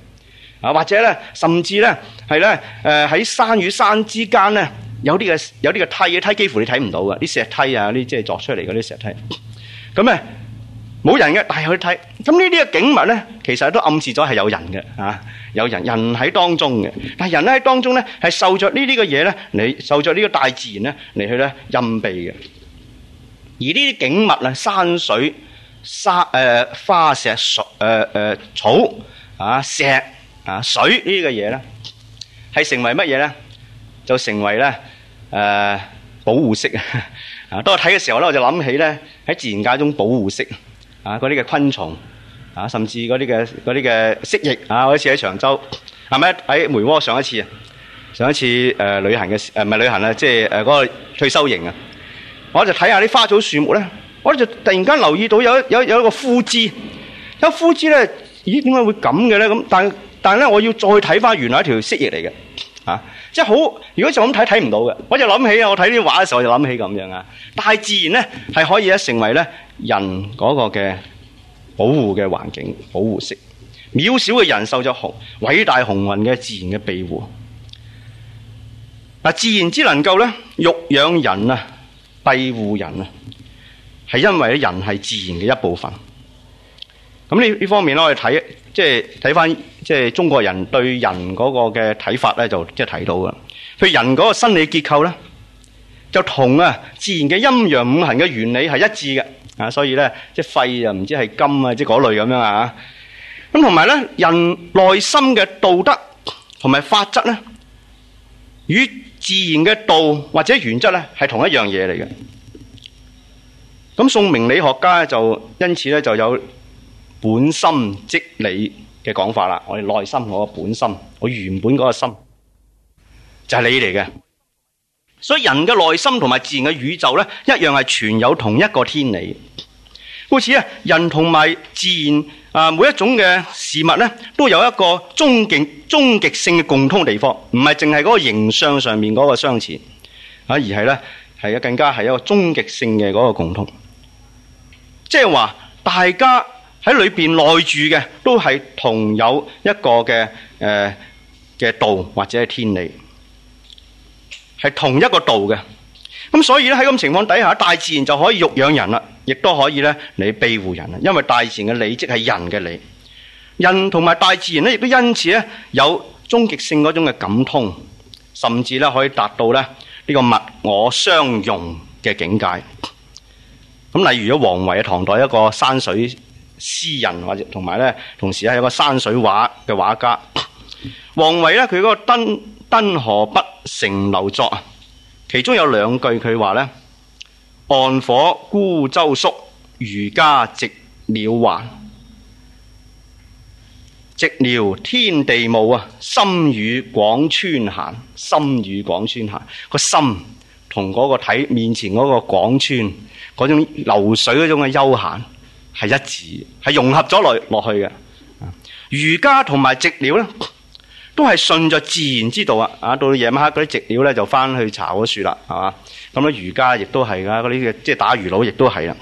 [SPEAKER 1] 啊，或者咧甚至咧係咧誒喺山與山之間咧，有啲嘅有啲嘅梯嘅梯，幾乎你睇唔到嘅啲石梯啊，啲即係鑿出嚟嗰啲石梯，咁咧冇人嘅，但係去睇咁呢啲嘅景物咧，其實都暗示咗係有人嘅啊。有人人喺當中嘅，但係人喺當中咧，係受着呢啲嘅嘢咧，你受着呢個大自然咧，嚟去咧蔭避嘅。而呢啲景物啊，山水、沙、誒、呃、花石草、啊、石、誒誒草啊、石啊、水呢個嘢咧，係成為乜嘢咧？就成為咧誒、呃、保護色啊！ 當我睇嘅時候咧，我就諗起咧喺自然界中保護色啊，嗰啲嘅昆蟲。啊，甚至嗰啲嘅嗰啲嘅蜥蜴啊，好似喺長洲，係咪喺梅窩上一次啊？上一次誒、呃呃、旅行嘅時，唔、呃、係旅行啊，即係誒嗰個退休營啊。我就睇下啲花草樹木咧，我就突然間留意到有有有一個枯枝，有枯枝咧，咦？點解會咁嘅咧？咁但但咧，我要再睇翻原來一條蜥蜴嚟嘅啊！即係好，如果就咁睇睇唔到嘅，我就諗起啊，我睇呢啲畫嘅時候我就諗起咁樣啊。大自然咧係可以咧成為咧人嗰個嘅。保護嘅環境，保護色，渺小嘅人受咗雄，偉大雄渾嘅自然嘅庇護。啊，自然之能夠咧，育養人啊，庇護人啊，係因為人係自然嘅一部分。咁呢呢方面呢，我哋睇，即係睇翻，即係中國人對人嗰個嘅睇法咧，就即係睇到噶。譬如人嗰個生理結構咧，就同啊自然嘅陰陽五行嘅原理係一致嘅。啊，所以咧，即係肺啊，唔知係金啊，即係嗰類咁樣啊。咁同埋咧，人內心嘅道德同埋法則咧，與自然嘅道或者原則咧，係同一樣嘢嚟嘅。咁宋明理學家咧就因此咧，就有本心即理嘅講法啦。我哋內心我嘅本心，我原本嗰個心就係你嚟嘅。所以人嘅內心同埋自然嘅宇宙呢一樣，係存有同一個天理。故此啊，人同埋自然啊，每一種嘅事物呢，都有一個終極終極性嘅共通地方，唔係淨係嗰個形象上面嗰個相似啊，而係呢，係更加係一個終極性嘅嗰個共通。即係話，大家喺裏邊內住嘅，都係同有一個嘅誒嘅道或者係天理。係同一個道嘅，咁所以咧喺咁情況底下，大自然就可以育養人啦，亦都可以咧嚟庇護人啦。因為大自然嘅理即係人嘅理，人同埋大自然咧，亦都因此咧有終極性嗰種嘅感通，甚至咧可以達到咧呢個物我相融嘅境界。咁例如咗王維啊，唐代一個山水詩人，或者同埋咧，同時係一個山水畫嘅畫家。王維咧，佢嗰個燈。登河北城樓作，其中有兩句佢話呢，岸火孤舟宿，漁家直鳥還。寂寥天地暮啊，心與廣川閒。心與廣川閒，心心心那個心同嗰個睇面前嗰個廣川嗰種流水嗰種嘅悠閒係一致，係融合咗落去嘅。漁家同埋直鳥。咧。都係順著自然之道啊！啊，到夜晚黑嗰啲植鳥咧就返去查嗰樹啦，係、啊、嘛？咁樣儒家亦都係噶，嗰啲嘅即係打魚佬亦都係啦。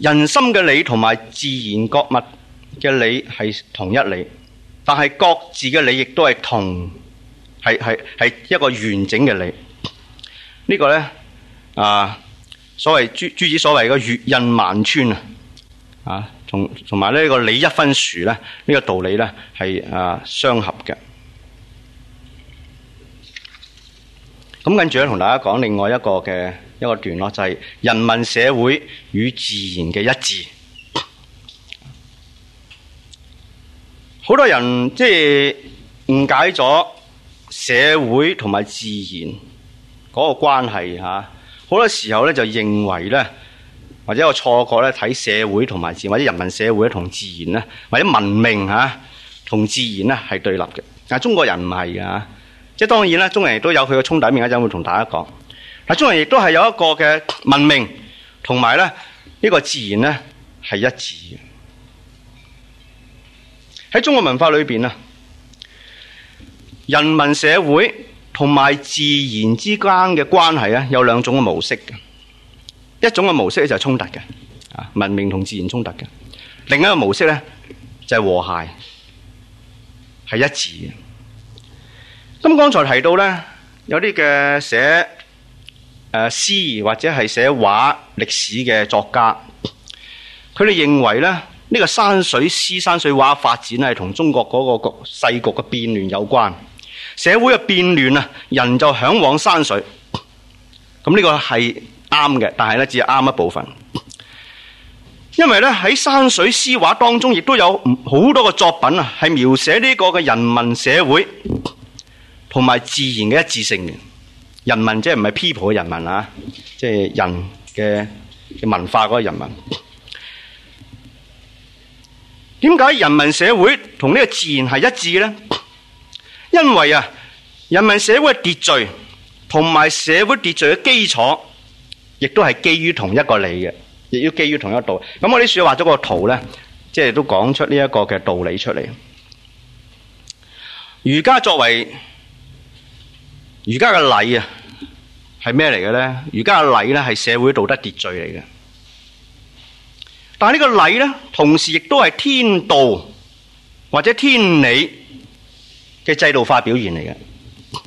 [SPEAKER 1] 人心嘅理同埋自然各物嘅理係同一理，但係各自嘅理亦都係同係係係一個完整嘅理。呢、這個呢，啊，所謂朱朱子所謂嘅月印萬川啊，啊！同同埋呢個理一分殊呢，呢個道理呢係啊相合嘅。咁跟住咧，同大家講另外一個嘅一個段落，就係人民社會與自然嘅一致。好多人即係誤解咗社會同埋自然嗰個關係吓，好多時候呢，就認為呢。或者我錯過咧睇社會同埋自然，或者人民社會同自然咧，或者文明啊同自然呢係對立嘅。但係中國人唔係㗎，即係當然啦，中國人亦都有佢嘅衝突面。一陣會同大家講，但中國人亦都係有一個嘅文明，同埋咧呢個自然呢係一致嘅。喺中國文化裏邊，啊，人民社會同埋自然之間嘅關係咧有兩種嘅模式一種嘅模式咧就係衝突嘅，啊，文明同自然衝突嘅。另一個模式呢，就係和諧，係一致嘅。咁剛才提到呢，有啲嘅寫誒詩或者係寫畫歷史嘅作家，佢哋認為呢，呢個山水詩、山水畫的發展係同中國嗰個局世局嘅變亂有關。社會嘅變亂啊，人就嚮往山水。咁呢個係。啱嘅，但係咧只係啱一部分，因為咧喺山水詩畫當中，亦都有好多個作品啊，係描寫呢個嘅人民社會同埋自然嘅一致性。人民即係唔係 people 嘅人民啊，即係人嘅文化嗰個人民。點解人民社會同呢個自然係一致咧？因為啊，人民社會嘅秩序同埋社會秩序嘅基礎。亦都係基於同一個理嘅，亦都基於同一個道。咁、嗯、我啲說話咗個圖咧，即係都講出呢一個嘅道理出嚟。儒家作為儒家嘅禮啊，係咩嚟嘅咧？儒家嘅禮咧係社會道德秩序嚟嘅，但係呢個禮咧，同時亦都係天道或者天理嘅制度化表現嚟嘅，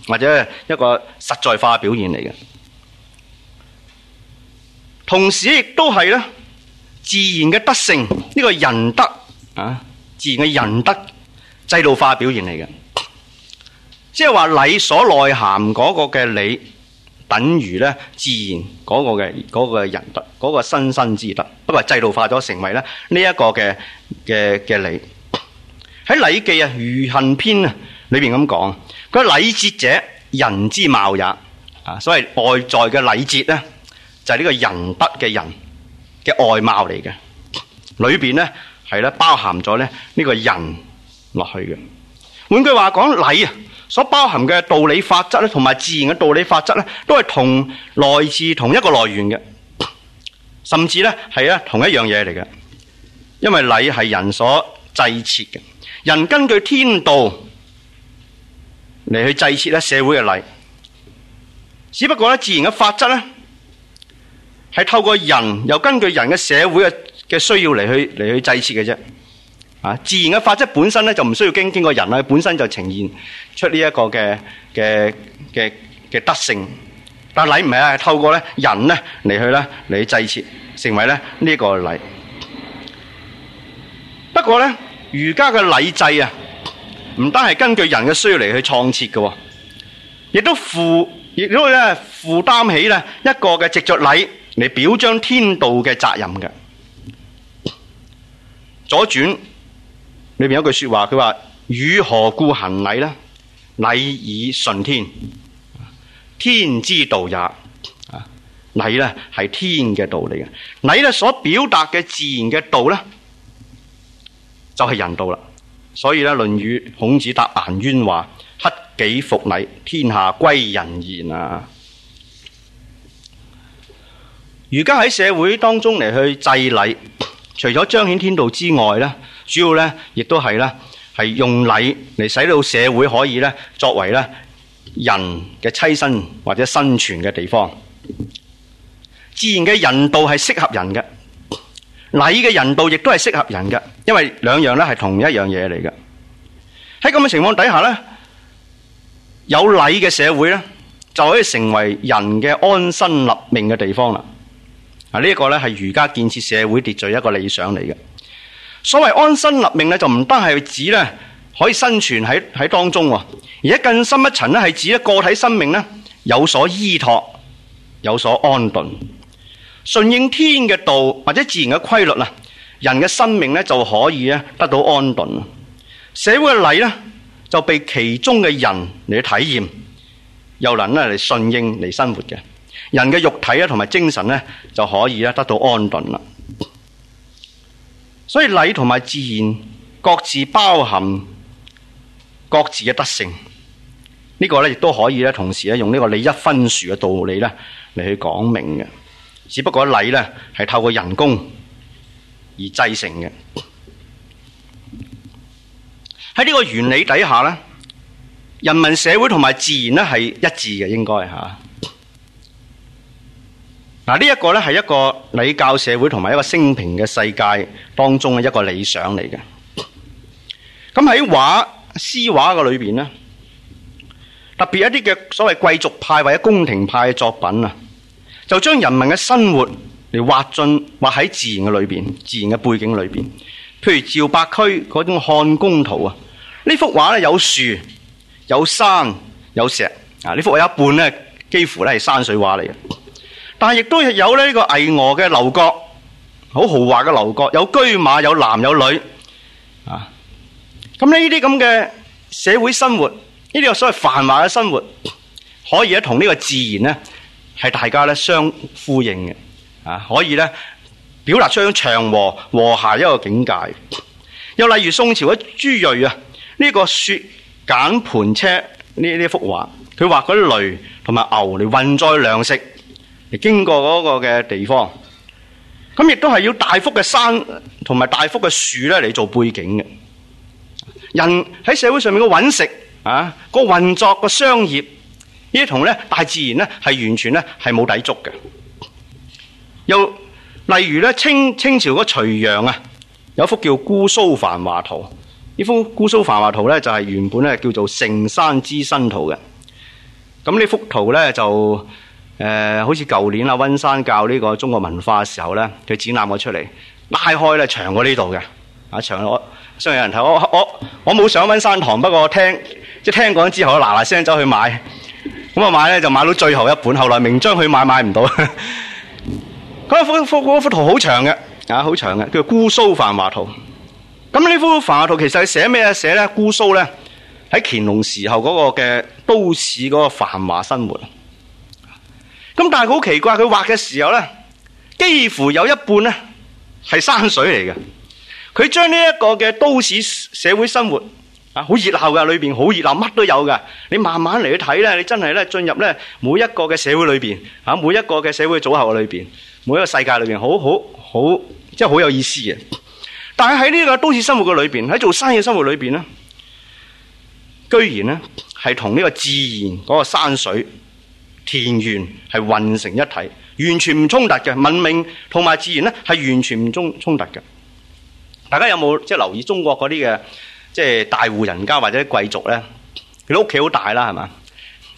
[SPEAKER 1] 或者一個實在化表現嚟嘅。同時亦都係咧自然嘅德性，呢、這個仁德啊，自然嘅仁德制度化表現嚟嘅，即係話禮所內涵嗰個嘅禮，等於咧自然嗰個嘅嗰個仁德嗰、那個生生之德，不過制度化咗成為咧呢一個嘅嘅嘅禮。喺《禮記》啊《儒行篇》啊裏邊咁講，佢禮節者，仁之貌也。啊，所謂外在嘅禮節咧。係呢個仁德嘅人嘅外貌嚟嘅，裏邊呢係咧包含咗咧呢個人落去嘅。換句話講，禮啊，所包含嘅道理法則咧，同埋自然嘅道理法則呢，都係同來自同一個來源嘅，甚至呢係啊同一樣嘢嚟嘅。因為禮係人所制設嘅，人根據天道嚟去制設咧社會嘅禮，只不過咧自然嘅法則呢。係透過人，又根據人嘅社會嘅嘅需要嚟去嚟去制設嘅啫。啊，自然嘅法則本身咧就唔需要經經過人啦，本身就呈現出呢一個嘅嘅嘅嘅德性。但禮唔係啊，係透過咧人咧嚟去咧嚟去制設，成為咧呢一個禮。不過咧，儒家嘅禮制啊，唔單係根據人嘅需要嚟去創設嘅，亦都負亦都咧負擔起咧一個嘅直着禮嚟表彰天道嘅責任嘅。左傳裏面有句說話，佢話：如何故行禮呢？禮以順天，天之道也。禮呢係天嘅道理嘅，禮呢所表達嘅自然嘅道呢，就係、是、人道啦。所以呢，《論語》孔子答顏淵話：克己復禮，天下歸仁焉。」啊！而家喺社會當中嚟去祭禮，除咗彰顯天道之外咧，主要咧亦都係咧，係用禮嚟使到社會可以咧作為咧人嘅棲身或者生存嘅地方。自然嘅人道係適合人嘅，禮嘅人道亦都係適合人嘅，因為兩樣咧係同一樣嘢嚟嘅。喺咁嘅情況底下咧，有禮嘅社會咧就可以成為人嘅安身立命嘅地方啦。嗱，呢個咧係儒家建設社會秩序一個理想嚟嘅。所謂安身立命咧，就唔單係指咧可以生存喺喺當中，而家更深一層咧，係指咧個體生命咧有所依托，有所安頓，順應天嘅道或者自然嘅規律啦，人嘅生命咧就可以咧得到安頓，社會嘅禮咧就被其中嘅人嚟體驗，又能咧嚟順應嚟生活嘅。人嘅肉體啊，同埋精神咧，就可以咧得到安頓啦。所以禮同埋自然各自包含各自嘅德性，呢個呢亦都可以咧同時咧用呢個理一分殊嘅道理咧嚟去講明嘅。只不過禮呢係透過人工而製成嘅。喺呢個原理底下咧，人民社會同埋自然咧係一致嘅，應該吓。嗱，呢一個咧係一個禮教社會同埋一個升平嘅世界當中嘅一個理想嚟嘅。咁喺畫詩畫嘅裏邊咧，特別一啲嘅所謂貴族派或者宮廷派嘅作品啊，就將人民嘅生活嚟畫進畫喺自然嘅裏邊，自然嘅背景裏邊。譬如趙伯駒嗰種漢宮圖啊，呢幅畫咧有樹、有山、有石啊，呢幅畫有一半咧幾乎咧係山水畫嚟嘅。但係亦都有呢個巍峨嘅樓閣，好豪華嘅樓閣，有車馬，有男有女，啊！咁呢啲咁嘅社會生活，呢啲所謂繁華嘅生活，可以咧同呢個自然呢係大家咧相呼應嘅，啊！可以咧表達出咗祥和和諧一個境界。又例如宋朝嘅朱銳啊，呢個雪澗盤車呢呢幅畫，佢畫嗰啲驢同埋牛嚟運載糧食。經過嗰個嘅地方，咁亦都係要大幅嘅山同埋大幅嘅樹咧嚟做背景嘅。人喺社會上面嘅揾食啊，個運作個商業，呢啲同咧大自然咧係完全咧係冇抵觸嘅。又例如咧清清朝嗰徐揚啊，有一幅叫姑蘇繁華圖，呢幅姑蘇繁華圖咧就係、是、原本咧叫做《盛山之新圖》嘅。咁呢幅圖咧就。誒、呃，好似舊年阿温山教呢個中國文化嘅時候咧，佢展覽我出嚟，拉開咧長過呢度嘅，啊長我，雖然有人睇我我我冇上温山堂，不過聽即係、就是、聽講之後，我嗱嗱聲走去買，咁啊買咧就買到最後一本，後來明章去買買唔到。嗰幅幅嗰幅圖好長嘅，啊好長嘅，叫《姑蘇繁華圖》。咁呢幅《繁華圖》其實係寫咩啊？寫咧姑蘇咧喺乾隆時候嗰個嘅都市嗰個繁華生活。咁但係好奇怪，佢畫嘅時候呢，幾乎有一半呢係山水嚟嘅。佢將呢一個嘅都市社會生活啊，好熱鬧嘅裏邊，好熱鬧，乜都有嘅。你慢慢嚟去睇呢，你真係呢進入呢，每一個嘅社會裏邊啊，每一個嘅社會組合裏邊，每一個世界裏邊，好好好，即係好有意思嘅。但係喺呢個都市生活嘅裏邊，喺做生意生活裏邊呢，居然呢，係同呢個自然嗰個山水。田園係混成一體，完全唔衝突嘅，文明同埋自然呢係完全唔衝衝突嘅。大家有冇即係留意中國嗰啲嘅即係大戶人家或者貴族呢？佢屋企好大啦，係嘛？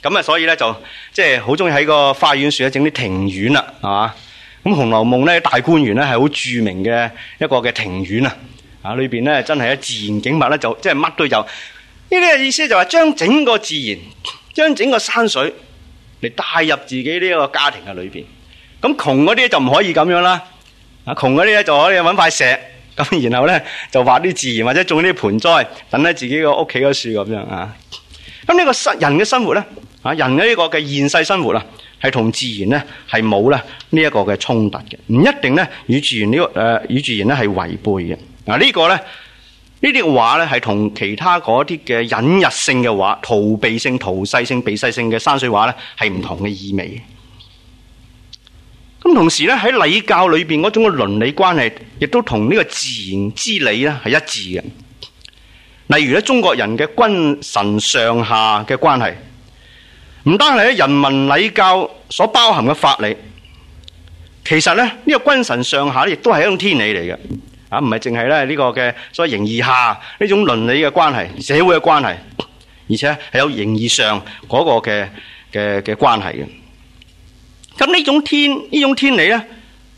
[SPEAKER 1] 咁啊，所以呢就即係好中意喺個花園處整啲庭院啦，係嘛？咁《紅樓夢》呢大觀園呢係好著名嘅一個嘅庭院啊！啊，裏邊呢真係自然景物呢，就即係乜都有。呢啲嘅意思就係將整個自然，將整個山水。你帶入自己呢個家庭嘅裏面，咁窮嗰啲就唔可以咁樣啦。啊，窮嗰啲咧就可以搵塊石，咁然後咧就畫啲自然，或者種啲盆栽，等喺自己個屋企嗰樹咁樣啊。咁呢個人嘅生活咧，啊人嘅呢個嘅現世生活啊，係同自然咧係冇咧呢一個嘅衝突嘅，唔一定咧與自然，呢個呃、與自然呢個誒與自然咧係違背嘅。嗱、啊呢個、呢個咧。呢啲畫咧係同其他嗰啲嘅隱逸性嘅畫，逃避性、逃世性、避世性嘅山水畫咧係唔同嘅意味。咁同時呢，喺禮教裏邊嗰種嘅倫理關係，亦都同呢個自然之理咧係一致嘅。例如咧中國人嘅君臣上下嘅關係，唔單係人民禮教所包含嘅法理，其實呢，呢個君臣上下亦都係一種天理嚟嘅。啊，唔係淨係咧呢個嘅所謂形而下呢種倫理嘅關係、社會嘅關係，而且係有形而上嗰個嘅嘅嘅關係嘅。咁呢種天呢種天理咧，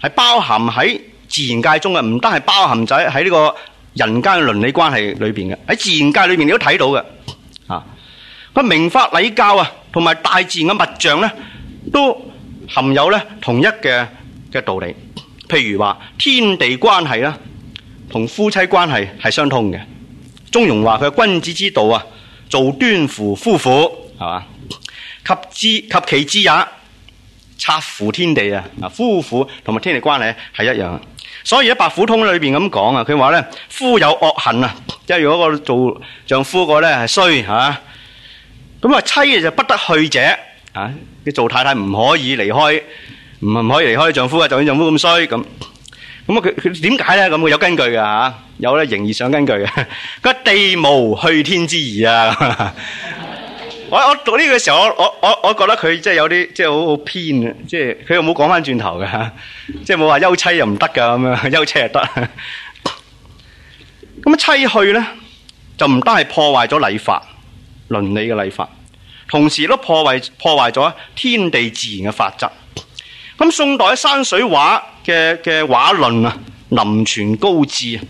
[SPEAKER 1] 係包含喺自然界中嘅，唔單係包含仔喺呢個人間嘅倫理關係裏邊嘅，喺自然界裏邊你都睇到嘅。啊，個明法禮教啊，同埋大自然嘅物象咧，都含有咧同一嘅嘅道理。譬如話天地關係啦。同夫妻關係係相通嘅。中庸話佢係君子之道啊，造端乎夫婦，係嘛？及之及其之也，察乎天地啊！嗱，夫婦同埋天地關係係一樣。所以喺《白虎通》裏邊咁講啊，佢話咧夫有惡行啊，即係如果個做丈夫個咧係衰，係咁啊，妻就不得去者啊，你做太太唔可以離開，唔唔可以離開丈夫啊，就算丈夫咁衰咁。咁啊佢佢點解咧，咁啊有根據嘅吓，有咧形而上根據嘅。個地無去天之義啊！ 我我讀呢、這個時候我，我我我覺得佢即係有啲即係好好偏嘅，即係佢又冇講翻轉頭嘅即係冇話休妻又唔得噶咁樣， 休妻又得。咁啊，妻去咧就唔單係破壞咗禮法、倫理嘅禮法，同時都破壞破壞咗天地自然嘅法則。咁宋代山水畫。嘅嘅畫論啊，林泉高致啊，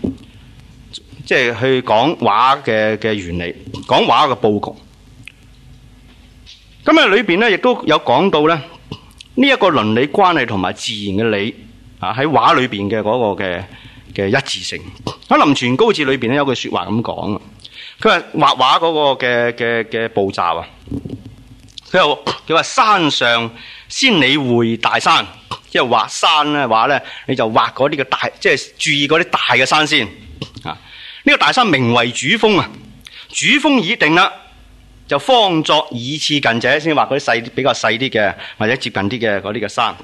[SPEAKER 1] 即係去講畫嘅嘅原理，講畫嘅布局。咁啊，裏邊咧亦都有講到咧呢一個倫理關係同埋自然嘅理啊，喺畫裏邊嘅嗰個嘅嘅一致性。喺林泉高致裏邊咧有句話講說話咁講啊，佢話畫畫嗰個嘅嘅嘅步驟啊，佢又佢話，山上先理會大山。即係畫山咧，畫咧你就畫嗰啲嘅大，即係注意嗰啲大嘅山先。啊，呢個大山名為主峰啊，主峰已定啦，就方作以次近者先畫嗰啲細，比較細啲嘅或者接近啲嘅嗰啲嘅山。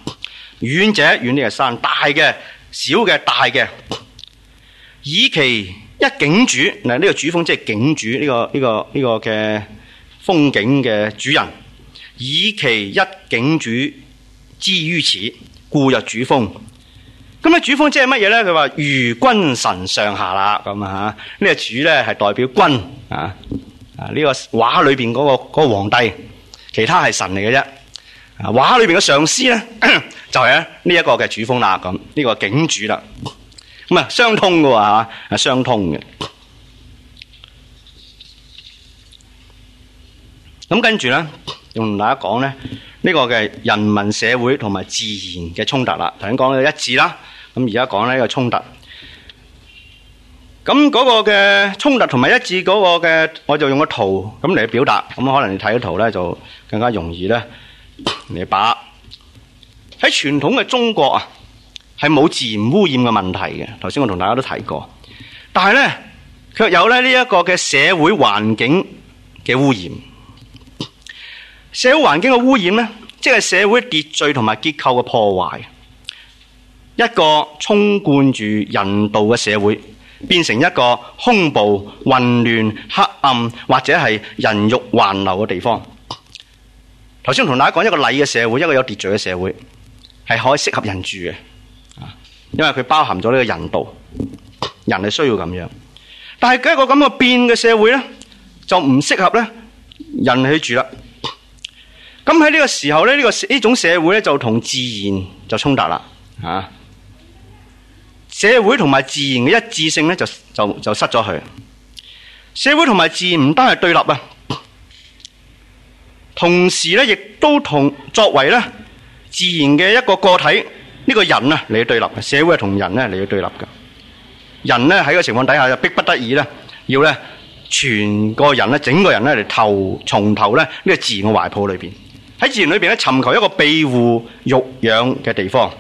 [SPEAKER 1] 遠者遠啲嘅山，大嘅、小嘅、大嘅，以其一景主。嗱，呢個主峰即係景主，呢個呢個呢個嘅風景嘅主人，以其一景主之於此。故曰主峰，咁咧主峰即係乜嘢咧？佢話如君臣上下啦，咁吓，呢、啊這個主咧係代表君啊啊呢、這個畫裏邊嗰、那個、那個皇帝，其他係臣嚟嘅啫。啊，畫裏邊嘅上司咧就係咧呢一個嘅主峰啦，咁、這個啊啊啊、呢個景主啦，咁啊相通嘅喎，相通嘅。咁跟住咧。用大家講咧，呢、這個嘅人民社會同埋自然嘅衝突啦。頭先講咗一致啦，咁而家講呢一個衝突。咁嗰個嘅衝突同埋一致嗰個嘅，我就用個圖咁嚟表達。咁可能你睇個圖呢，就更加容易呢。你把喺傳統嘅中國啊，係冇自然污染嘅問題嘅。頭先我同大家都提過，但係呢，卻有咧呢一個嘅社會環境嘅污染。社會環境嘅污染呢，即係社會秩序同埋結構嘅破壞，一個充灌住人道嘅社會，變成一個恐怖、混亂、黑暗或者係人慾橫流嘅地方。頭先同大家講一個禮嘅社會，一個有秩序嘅社會，係可以適合人住嘅，因為佢包含咗呢個人道，人係需要咁樣。但係一個咁嘅變嘅社會呢就唔適合呢人去住啦。咁喺呢個時候咧，呢個呢種社會咧就同自然就衝突啦，吓、啊、社會同埋自然嘅一致性咧就就就失咗佢。社會同埋自然唔單係對立啊，同時咧亦都同作為咧自然嘅一個個體呢、呢個人啊嚟對立，社會係同人咧嚟去對立嘅。人咧喺個情況底下就迫不得已咧要咧全個人咧整個人咧嚟投從頭咧呢、呢個自然嘅懷抱裏邊。喺自然裏邊咧，尋求一個庇護、育養嘅地方，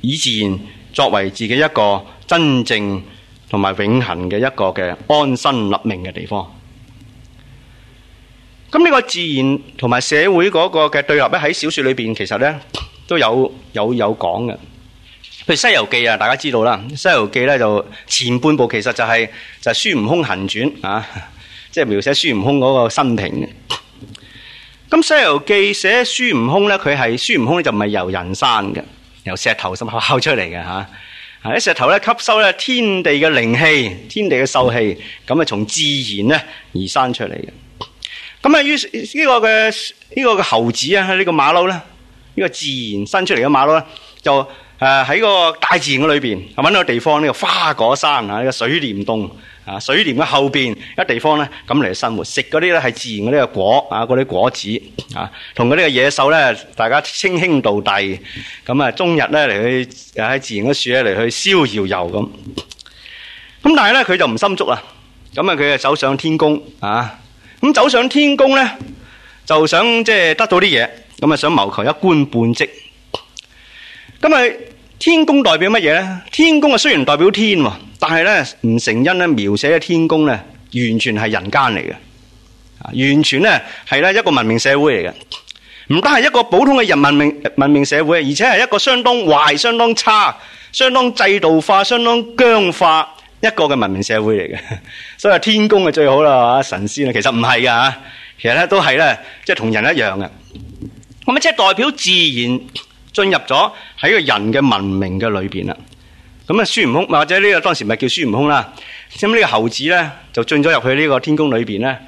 [SPEAKER 1] 以自然作為自己一個真正同埋永恒嘅一個嘅安身立命嘅地方。咁呢個自然同埋社會嗰個嘅對立咧，喺小說裏邊其實咧都有有有講嘅。譬如《西遊記》啊，大家知道啦，《西遊記》咧就前半部其實就係、是、就孫、是、悟空行傳啊，即、就、係、是、描寫孫悟空嗰個生平嘅。咁《西遊記》寫孫悟空咧，佢係孫悟空咧就唔係由人生嘅，由石頭生爆出嚟嘅吓。喺、啊啊、石頭咧吸收咧天地嘅靈氣、天地嘅秀氣，咁啊從自然咧而生出嚟嘅。咁啊、這個，於、這、呢個嘅呢個嘅猴子啊，這個、子呢、這個馬騮咧，呢、這個自然生出嚟嘅馬騮咧，就誒喺個大自然嘅裏邊，係揾到個地方呢、這個花果山啊，呢、這個水簾洞。啊，水簾嘅後邊一地方咧咁嚟生活，食嗰啲咧係自然嗰啲嘅果，啊嗰啲果子，啊同嗰啲嘅野獸咧，大家稱兄道弟，咁啊終日咧嚟去喺自然嘅樹咧嚟去逍遙遊咁。咁、啊、但係咧佢就唔心足啦，咁啊佢就走上天宮啊，咁、啊、走上天宮咧就想即係、就是、得到啲嘢，咁啊想謀求一官半職，咁咪。天公代表乜嘢呢？天公啊，雖然代表天，但係咧，吳承恩咧描寫嘅天公咧，完全係人間嚟嘅，啊，完全咧係咧一個文明社會嚟嘅，唔單係一個普通嘅人民文明社會，而且係一個相當壞、相當差、相當制度化、相當僵化一個嘅文明社會嚟嘅。所以天公係最好啦，神仙啊，其實唔係噶，其實咧都係咧，即係同人一樣嘅。咁啊，即係代表自然進入咗。喺一個人嘅文明嘅裏邊啦，咁啊，孫悟空或者呢個當時咪叫孫悟空啦，咁、這、呢個猴子咧就進咗入去呢個天宮裏邊咧，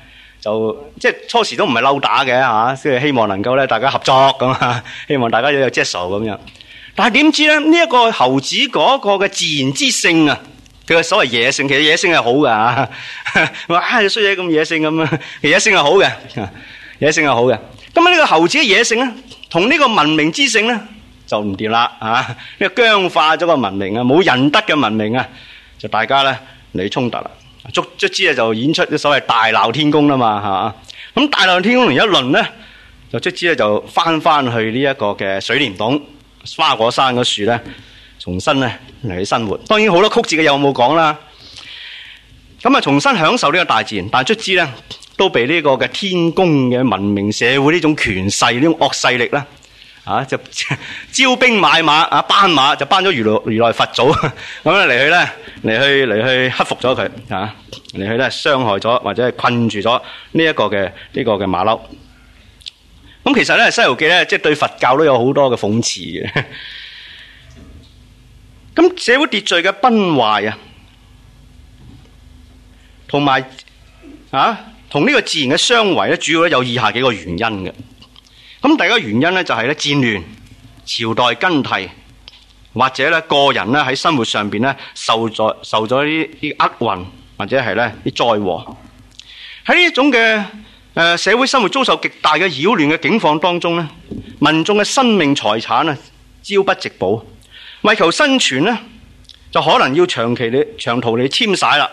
[SPEAKER 1] 就即係初時都唔係溜打嘅吓，即係希望能夠咧大家合作咁吓，希望大家有有接受咁樣。但係點知咧呢一個猴子嗰個嘅自然之性啊，佢嘅所謂野性，其實野性係好嘅吓，啊，衰嘢，咁野性咁啊，野性係好嘅，野性係好嘅。咁啊，呢個猴子嘅野性咧，同呢個文明之性咧。就唔掂啦，啊！呢個僵化咗個文明啊，冇仁德嘅文明啊，就大家咧嚟衝突啦。卒卒之啊，就演出啲所謂大鬧天宮啦嘛，吓、啊！咁大鬧天宮完一輪咧，就卒之咧就翻翻去呢一個嘅水簾洞、花果山嘅樹咧，重新咧嚟去生活。當然好多曲折嘅有冇講啦。咁啊，重新享受呢個大自然，但卒之咧都被呢個嘅天宮嘅文明社會呢種權勢呢種惡勢力咧。啊！就招兵買馬啊，班馬就班咗如來如，如來佛祖咁樣嚟去咧，嚟去嚟去克服咗佢啊，嚟去咧傷害咗或者係困住咗呢一個嘅呢、這個嘅馬騮。咁其實咧《西遊記》呢咧，即係對佛教都有好多嘅諷刺嘅。咁、啊、社會秩序嘅崩壞啊，同埋啊，同呢個自然嘅相違咧，主要咧有以下幾個原因嘅。咁第一個原因咧，就係咧戰亂、朝代更替，或者咧個人咧喺生活上面咧受咗受咗啲啲厄運，或者係咧啲災禍。喺呢一種嘅誒社會生活遭受極大嘅擾亂嘅境況當中咧，民眾嘅生命財產啊，朝不值保，為求生存咧，就可能要長期嘅長途嘅遷徙啦。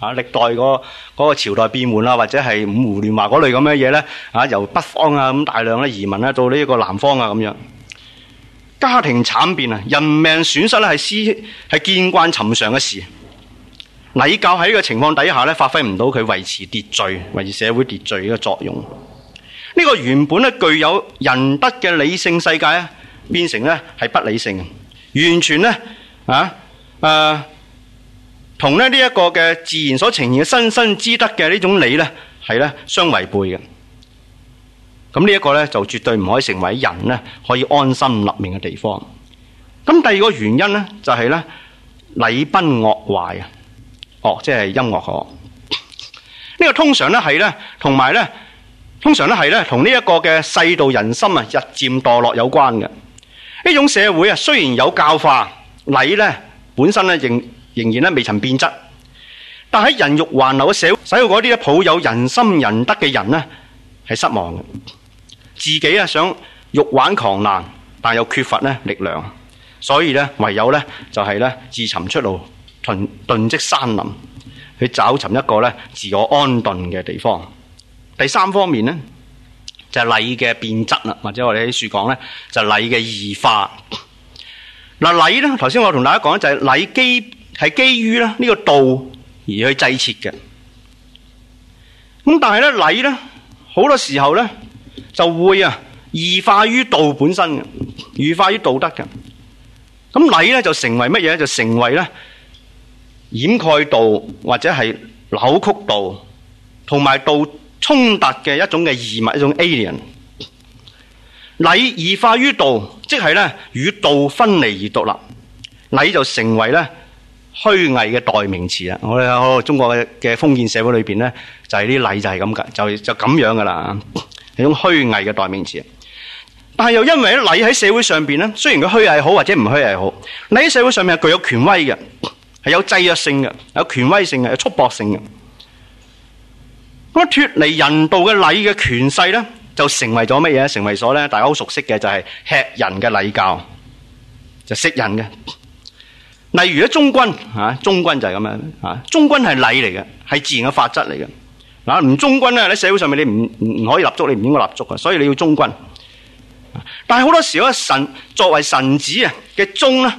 [SPEAKER 1] 啊！歷代個嗰、嗰個朝代變換啦，或者係五胡亂華嗰類咁嘅嘢咧，啊由北方啊咁大量咧移民、啊、到呢個南方啊咁樣，家庭慘變啊，人命損失咧係司係見慣尋常嘅事。禮教喺呢個情況底下咧，發揮唔到佢維持秩序、維持社會秩序嘅作用。呢、這個原本咧具有仁德嘅理性世界咧，變成咧係不理性，完全咧啊誒。呃同呢一個嘅自然所呈現嘅生生之德嘅呢種理呢，係呢相違背嘅。咁呢一個呢，就絕對唔可以成為人呢可以安心立命嘅地方。咁第二個原因呢、哦，就係呢禮崩樂壞啊。哦，即係音樂課呢個通常呢係呢，同埋呢，通常呢係呢，同呢一個嘅世道人心啊日漸墮落有關嘅呢種社會啊雖然有教化，禮呢本身呢仍。仍然咧未曾變質，但喺人欲橫流嘅社會，使到嗰啲抱有人心仁德嘅人呢，係失望嘅，自己啊想欲挽狂瀾，但又缺乏咧力量，所以呢，唯有呢，就係呢，自尋出路，遁遁跡山林，去找尋一個呢，自我安頓嘅地方。第三方面呢，就係、禮嘅變質啦，或者我哋喺書講呢，就係、禮嘅異化。嗱禮呢，頭先我同大家講就係、係、禮基。係基於呢個道而去制設嘅，咁但係咧禮咧好多時候咧就會啊異化於道本身，異化於道德嘅。咁禮咧就成為乜嘢？就成為咧掩蓋道或者係扭曲道，同埋道衝突嘅一種嘅異物，一種 alien。禮異化於道，即係咧與道分離而獨立，禮就成為咧。虛偽嘅代名詞，我哋喺、哦、中國嘅封建社會裏邊咧，就係啲禮就係咁噶，就就咁樣噶啦，係種虛偽嘅代名詞。但係又因為咧禮喺社會上邊咧，雖然佢虛偽好或者唔虛偽好，禮喺社會上面係具有權威嘅，係有制約性嘅，有權威性嘅，有束縛性嘅。咁脫離人道嘅禮嘅權勢咧，就成為咗乜嘢？成為咗咧，大家好熟悉嘅就係吃人嘅禮教，就食人嘅。例如咧忠君，吓忠君就係咁樣，吓忠君係禮嚟嘅，係自然嘅法則嚟嘅。嗱，唔忠君咧喺社會上面你唔唔可以立足，你唔應該立足嘅，所以你要忠君。但係好多時咧神作為臣子啊嘅忠，咧，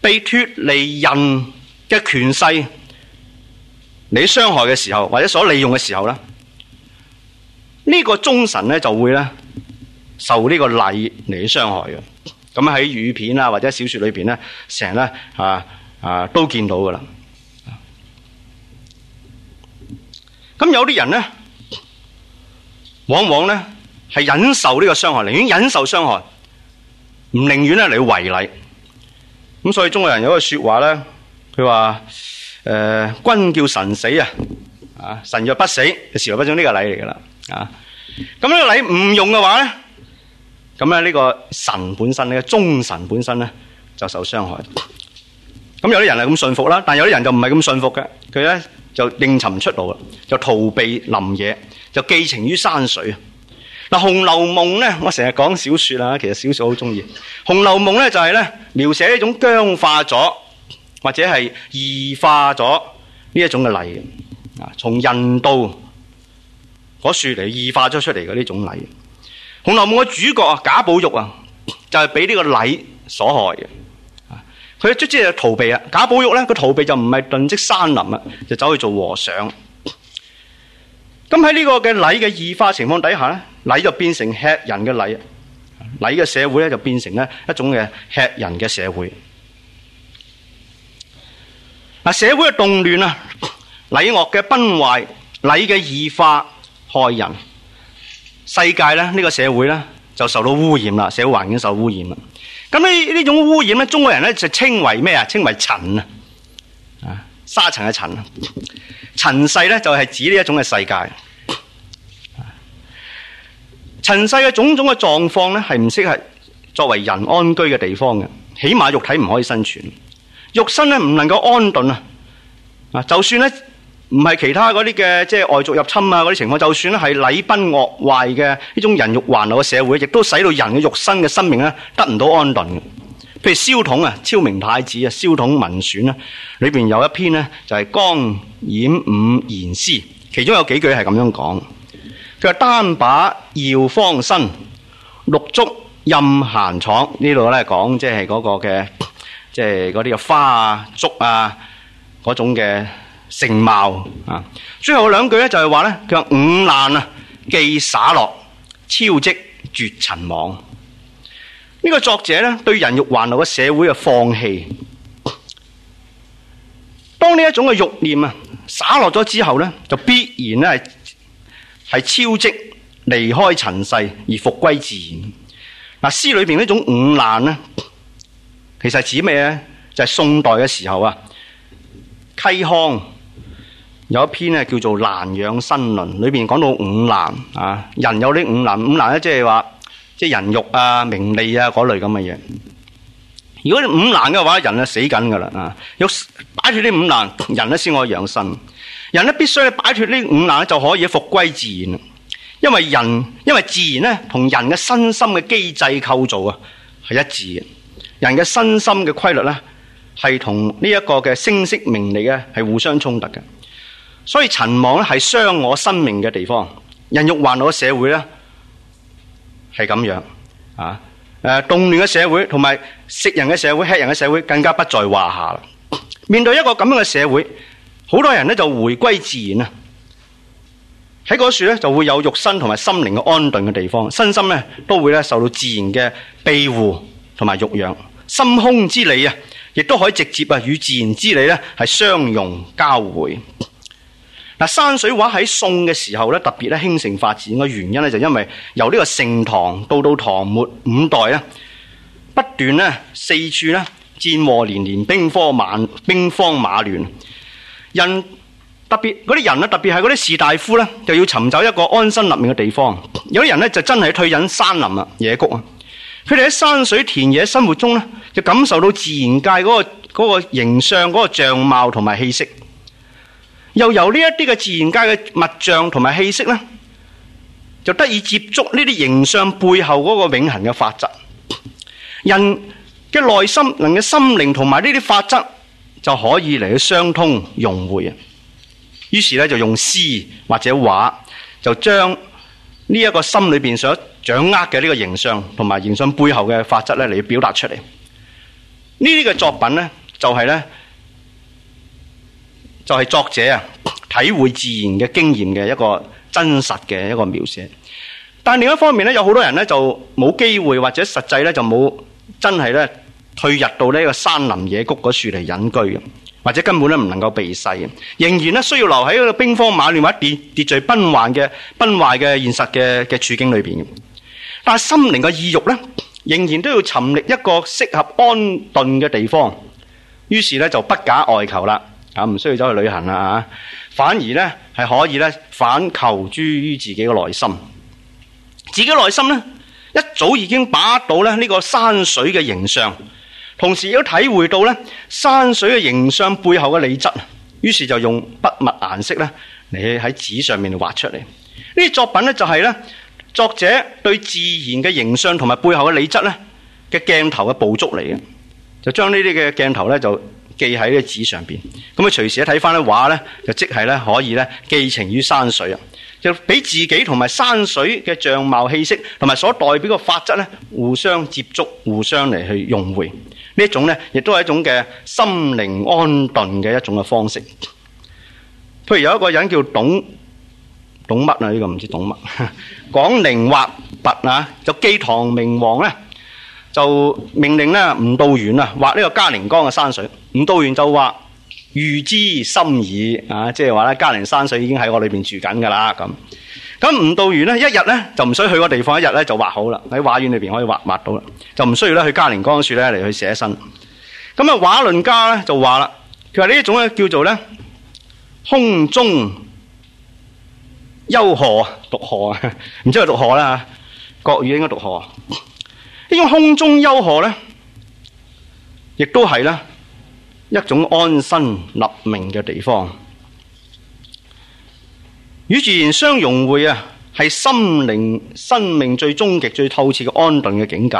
[SPEAKER 1] 被脱離人嘅權勢，你傷害嘅時候，或者所利用嘅時候咧，呢、這個忠臣咧就會咧受呢個禮嚟傷害嘅。咁喺語片啊，或者小說裏邊咧，成日咧啊啊都見到噶啦。咁有啲人咧，往往咧係忍受呢個傷害，寧願忍受傷害，唔寧願咧嚟違禮。咁所以中國人有一句説話咧，佢話：誒、呃、君叫臣死啊，啊臣若不死，視為不忠。呢個禮嚟噶啦。啊，咁呢、啊、個禮唔用嘅話咧？咁咧呢個神本身咧，呢個忠神本身咧就受傷害。咁有啲人係咁信服啦，但有啲人就唔係咁信服嘅。佢咧就另尋出路啦，就逃避林野，就寄情於山水啊！嗱，《紅樓夢》咧，我成日講小説啦，其實小説好中意《紅樓夢》咧，就係咧描寫一種僵化咗或者係異化咗呢一種嘅禮啊，從印度嗰樹嚟異化咗出嚟嘅呢種禮。紅樓夢嘅主角啊，賈寶玉啊，就係俾呢個禮所害嘅。佢卒之就逃避啊。賈寶玉呢，個逃避就唔係遁跡山林啊，就走去做和尚。咁喺呢個嘅禮嘅異化情況底下咧，禮就變成吃人嘅禮，禮嘅社會咧就變成咧一種嘅吃人嘅社會。嗱，社會嘅動亂啊，禮樂嘅崩壞，禮嘅異化害人。世界咧，呢個社會咧就受到污染啦，社會環境受污染啦。咁呢呢種污染咧，中國人咧就稱為咩啊？稱為塵啊，啊沙塵嘅塵，塵世咧就係指呢一種嘅世界。塵世嘅種種嘅狀況咧係唔適合作為人安居嘅地方嘅，起碼肉體唔可以生存，肉身咧唔能夠安頓啊。啊，就算咧。唔係其他嗰啲嘅，即係外族入侵啊嗰啲情況，就算係禮崩樂壞嘅呢種人肉橫流嘅社會，亦都使到人嘅肉身嘅生命咧得唔到安頓。譬如蕭統啊，昭明太子啊，蕭統文選啊，裏邊有一篇呢就係、是、江淹五言詩，其中有幾句係咁樣講，佢話單把搖芳生、綠竹任閒長。呢度咧講即係嗰個嘅，即係嗰啲嘅花啊、竹啊嗰種嘅。成貌啊！最後兩句咧就係話咧，佢話五難啊，既灑落超迹絕塵網。呢、這個作者咧對人欲橫流嘅社會嘅放棄。當呢一種嘅欲念啊灑落咗之後咧，就必然咧係係超迹離開塵世而復歸自然。嗱詩裏邊呢種五難咧，其實指咩咧？就係宋代嘅時候啊，嵇康。有一篇咧叫做《難養生論》，裏邊講到五難啊。人有啲五難，五難咧即係話即係人欲啊、名利啊嗰類咁嘅嘢。如果你五難嘅話，人咧死緊噶啦啊。要擺脫呢五難，人咧先可以養生。人咧必須擺脫呢五難，就可以復歸自然。因為人因為自然咧同人嘅身心嘅機制構造啊係一致嘅。人嘅身心嘅規律咧係同呢一個嘅聲色名利咧係互相衝突嘅。所以，塵網咧係傷我生命嘅地方，人欲壞我嘅社會呢，係咁樣啊！誒、呃，動亂嘅社會同埋食人嘅社會、吃人嘅社會更加不在話下啦。面對一個咁樣嘅社會，好多人呢就回歸自然啊！喺嗰處咧就會有肉身同埋心靈嘅安頓嘅地方，身心呢都會咧受到自然嘅庇護同埋育養，心胸之理啊，亦都可以直接啊與自然之理呢係相融交匯。嗱，山水畫喺宋嘅時候咧，特別咧興盛發展嘅原因咧，就因為由呢個盛唐到到唐末五代咧，不斷咧四處咧戰禍連連，兵荒馬兵荒馬亂，人特別嗰啲人咧，特別係嗰啲士大夫咧，就要尋找一個安身立命嘅地方。有啲人咧就真係退隱山林啊、野谷啊。佢哋喺山水田野生活中咧，就感受到自然界嗰個嗰個形象、嗰個樣貌同埋氣息。又由呢一啲嘅自然界嘅物象同埋氣息咧，就得以接觸呢啲形象背後嗰個永恒嘅法則。人嘅內心、人嘅心靈同埋呢啲法則，就可以嚟到相通融匯啊。於是咧，就用詩或者畫，就將呢一個心裏邊所掌握嘅呢個形象同埋形象背後嘅法則咧，嚟表達出嚟。呢啲嘅作品咧，就係咧。就係作者啊，體會自然嘅經驗嘅一個真實嘅一個描寫。但另一方面咧，有好多人咧就冇機會或者實際咧就冇真係咧退入到呢個山林野谷嗰處嚟隱居嘅，或者根本咧唔能夠避世，仍然咧需要留喺一個兵荒馬亂或者秩序崩壞嘅崩壞嘅現實嘅嘅處境裏邊。但係心靈嘅意欲咧，仍然都要尋覓一個適合安頓嘅地方，於是咧就不假外求啦。唔需要走去旅行啦，反而咧係可以咧反求諸於自己嘅內心，自己內心咧一早已經把握到咧呢個山水嘅形象，同時亦都體會到咧山水嘅形象背後嘅理質，於是就用筆墨顏色咧嚟喺紙上面畫出嚟。呢啲作品咧就係咧作者對自然嘅形象同埋背後嘅理質咧嘅鏡頭嘅捕捉嚟嘅，就將呢啲嘅鏡頭咧就。記喺呢紙上邊，咁啊隨時一睇翻啲畫呢就即係咧可以咧寄情於山水啊，就俾自己同埋山水嘅象貌氣息，同埋所代表嘅法則咧，互相接觸，互相嚟去融匯呢一種咧，亦都係一種嘅心靈安頓嘅一種嘅方式。譬如有一個人叫董董乜啊？呢個唔知董乜，講寧或拔啊，就寄唐明王呢。就命令咧，吳道源啊，畫呢個嘉陵江嘅山水。吳道源就畫，預知心意」，啊，即係話咧，嘉陵山水已經喺我裏邊住緊噶啦。咁，咁吳道源咧，一日咧就唔需去個地方，一日咧就畫好啦。喺畫院裏邊可以畫畫到啦，就唔需要咧去嘉陵江處咧嚟去寫生。咁啊，畫論家咧就話啦，佢話呢一種咧叫做咧空中幽河獨河，唔知係讀河啦，國語應該讀河。呢種空中幽河呢，亦都係呢一種安身立命嘅地方，與自然相融匯啊，係心靈、生命最終極、最透徹嘅安頓嘅境界。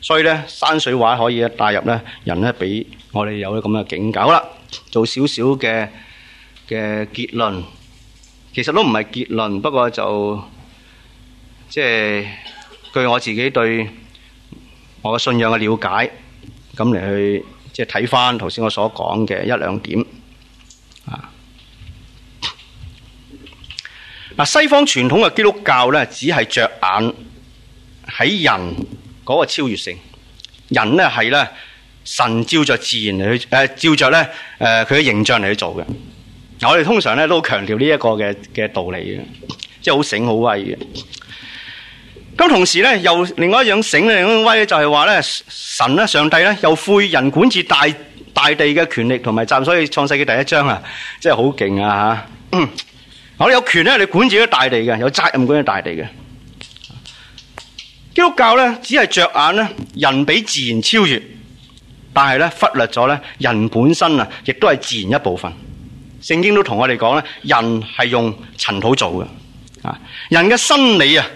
[SPEAKER 1] 所以呢，山水畫可以呢帶入呢人呢，俾我哋有咁嘅境界。好啦，做少少嘅嘅結論，其實都唔係結論，不過就即係。據我自己對我嘅信仰嘅了解，咁嚟去即係睇翻頭先我所講嘅一兩點啊。嗱，西方傳統嘅基督教咧，只係着眼喺人嗰個超越性，人咧係咧神照着自然嚟去誒，照着咧誒佢嘅形象嚟去做嘅。我哋通常咧都強調呢一個嘅嘅道理嘅，即係好醒好威嘅。咁同時咧，又另外一樣醒嘅威咧，就係話咧，神咧、上帝咧，又賦予人管治大大地嘅權力同埋責任。所以創世嘅第一章啊，真係好勁啊吓！我哋有權咧，你管治咗大地嘅，有責任管咗大地嘅。基督教咧，只係着眼咧人比自然超越，但係咧忽略咗咧人本身啊，亦都係自然一部分。聖經都同我哋講咧，人係用塵土做嘅啊，人嘅生理啊。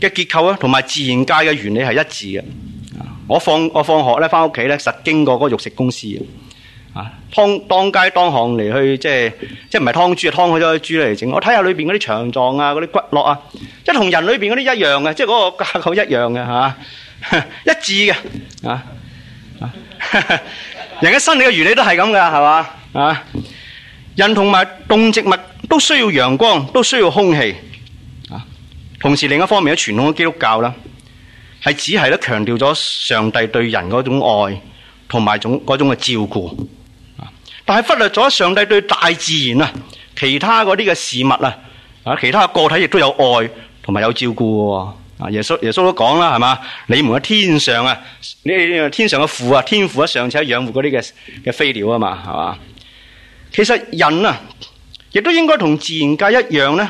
[SPEAKER 1] 嘅結構咧，同埋自然界嘅原理係一致嘅。我放我放學咧，返屋企咧，實經過嗰個肉食公司啊，劏當街當巷嚟去，即係即係唔係劏豬，劏豬看看啊？劏佢咗豬嚟整，我睇下裏邊嗰啲腸臟啊、嗰啲骨骼啊，即係同人裏邊嗰啲一樣嘅，即係嗰個結構一樣嘅嚇、啊，一致嘅啊啊！人嘅生理嘅原理都係咁嘅，係嘛啊？人同埋動植物都需要陽光，都需要空氣。同時，另一方面咧，傳統嘅基督教啦，係只係咧強調咗上帝對人嗰種愛同埋種嗰種嘅照顧，但係忽略咗上帝對大自然啊、其他嗰啲嘅事物啊、啊其他個體亦都有愛同埋有照顧喎。啊，耶穌耶穌都講啦，係嘛？你們嘅天上啊，你哋天上嘅父啊，天父喺、啊、尚且喺養活嗰啲嘅嘅飛鳥啊嘛，係嘛？其實人啊，亦都應該同自然界一樣咧。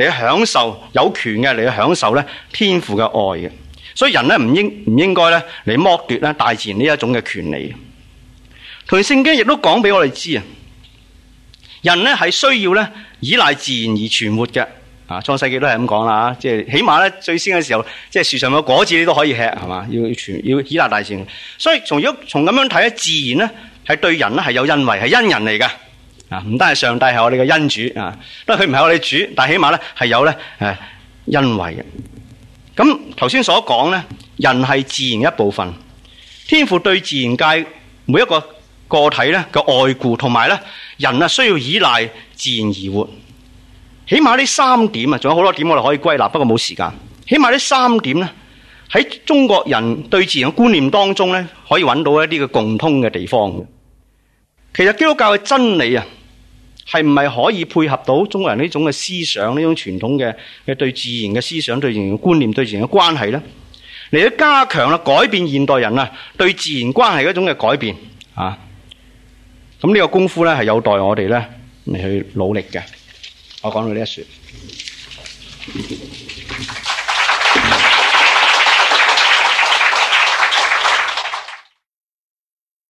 [SPEAKER 1] 嚟享受有權嘅嚟，你享受咧天父嘅愛嘅，所以人咧唔應唔應該咧嚟剝奪咧大自然呢一種嘅權利。同埋聖經亦都講俾我哋知啊，人咧係需要咧依賴自然而存活嘅。啊，創世紀都係咁講啦，吓，即係起碼咧最先嘅時候，即係樹上嘅果子你都可以吃，係嘛？要要依賴大自然。所以從若從咁樣睇咧，自然咧係對人咧係有恩惠，係恩人嚟嘅。啊！唔單係上帝係我哋嘅恩主啊，不過佢唔係我哋主，但起碼咧係有咧誒恩惠嘅。咁頭先所講咧，人係自然一部分，天父對自然界每一個個體咧嘅愛顧同埋咧人啊需要依賴自然而活。起碼呢三點啊，仲有好多點我哋可以歸納，不過冇時間。起碼呢三點咧，喺中國人對自然嘅觀念當中咧，可以揾到一啲嘅共通嘅地方。其實基督教嘅真理啊～係唔係可以配合到中國人呢種嘅思想、呢種傳統嘅嘅對自然嘅思想、對自然嘅觀念、對自然嘅關係呢？嚟到加強啦、改變現代人啊對自然關係嗰種嘅改變啊！咁呢個功夫呢，係有待我哋呢嚟去努力嘅。我講到呢一説。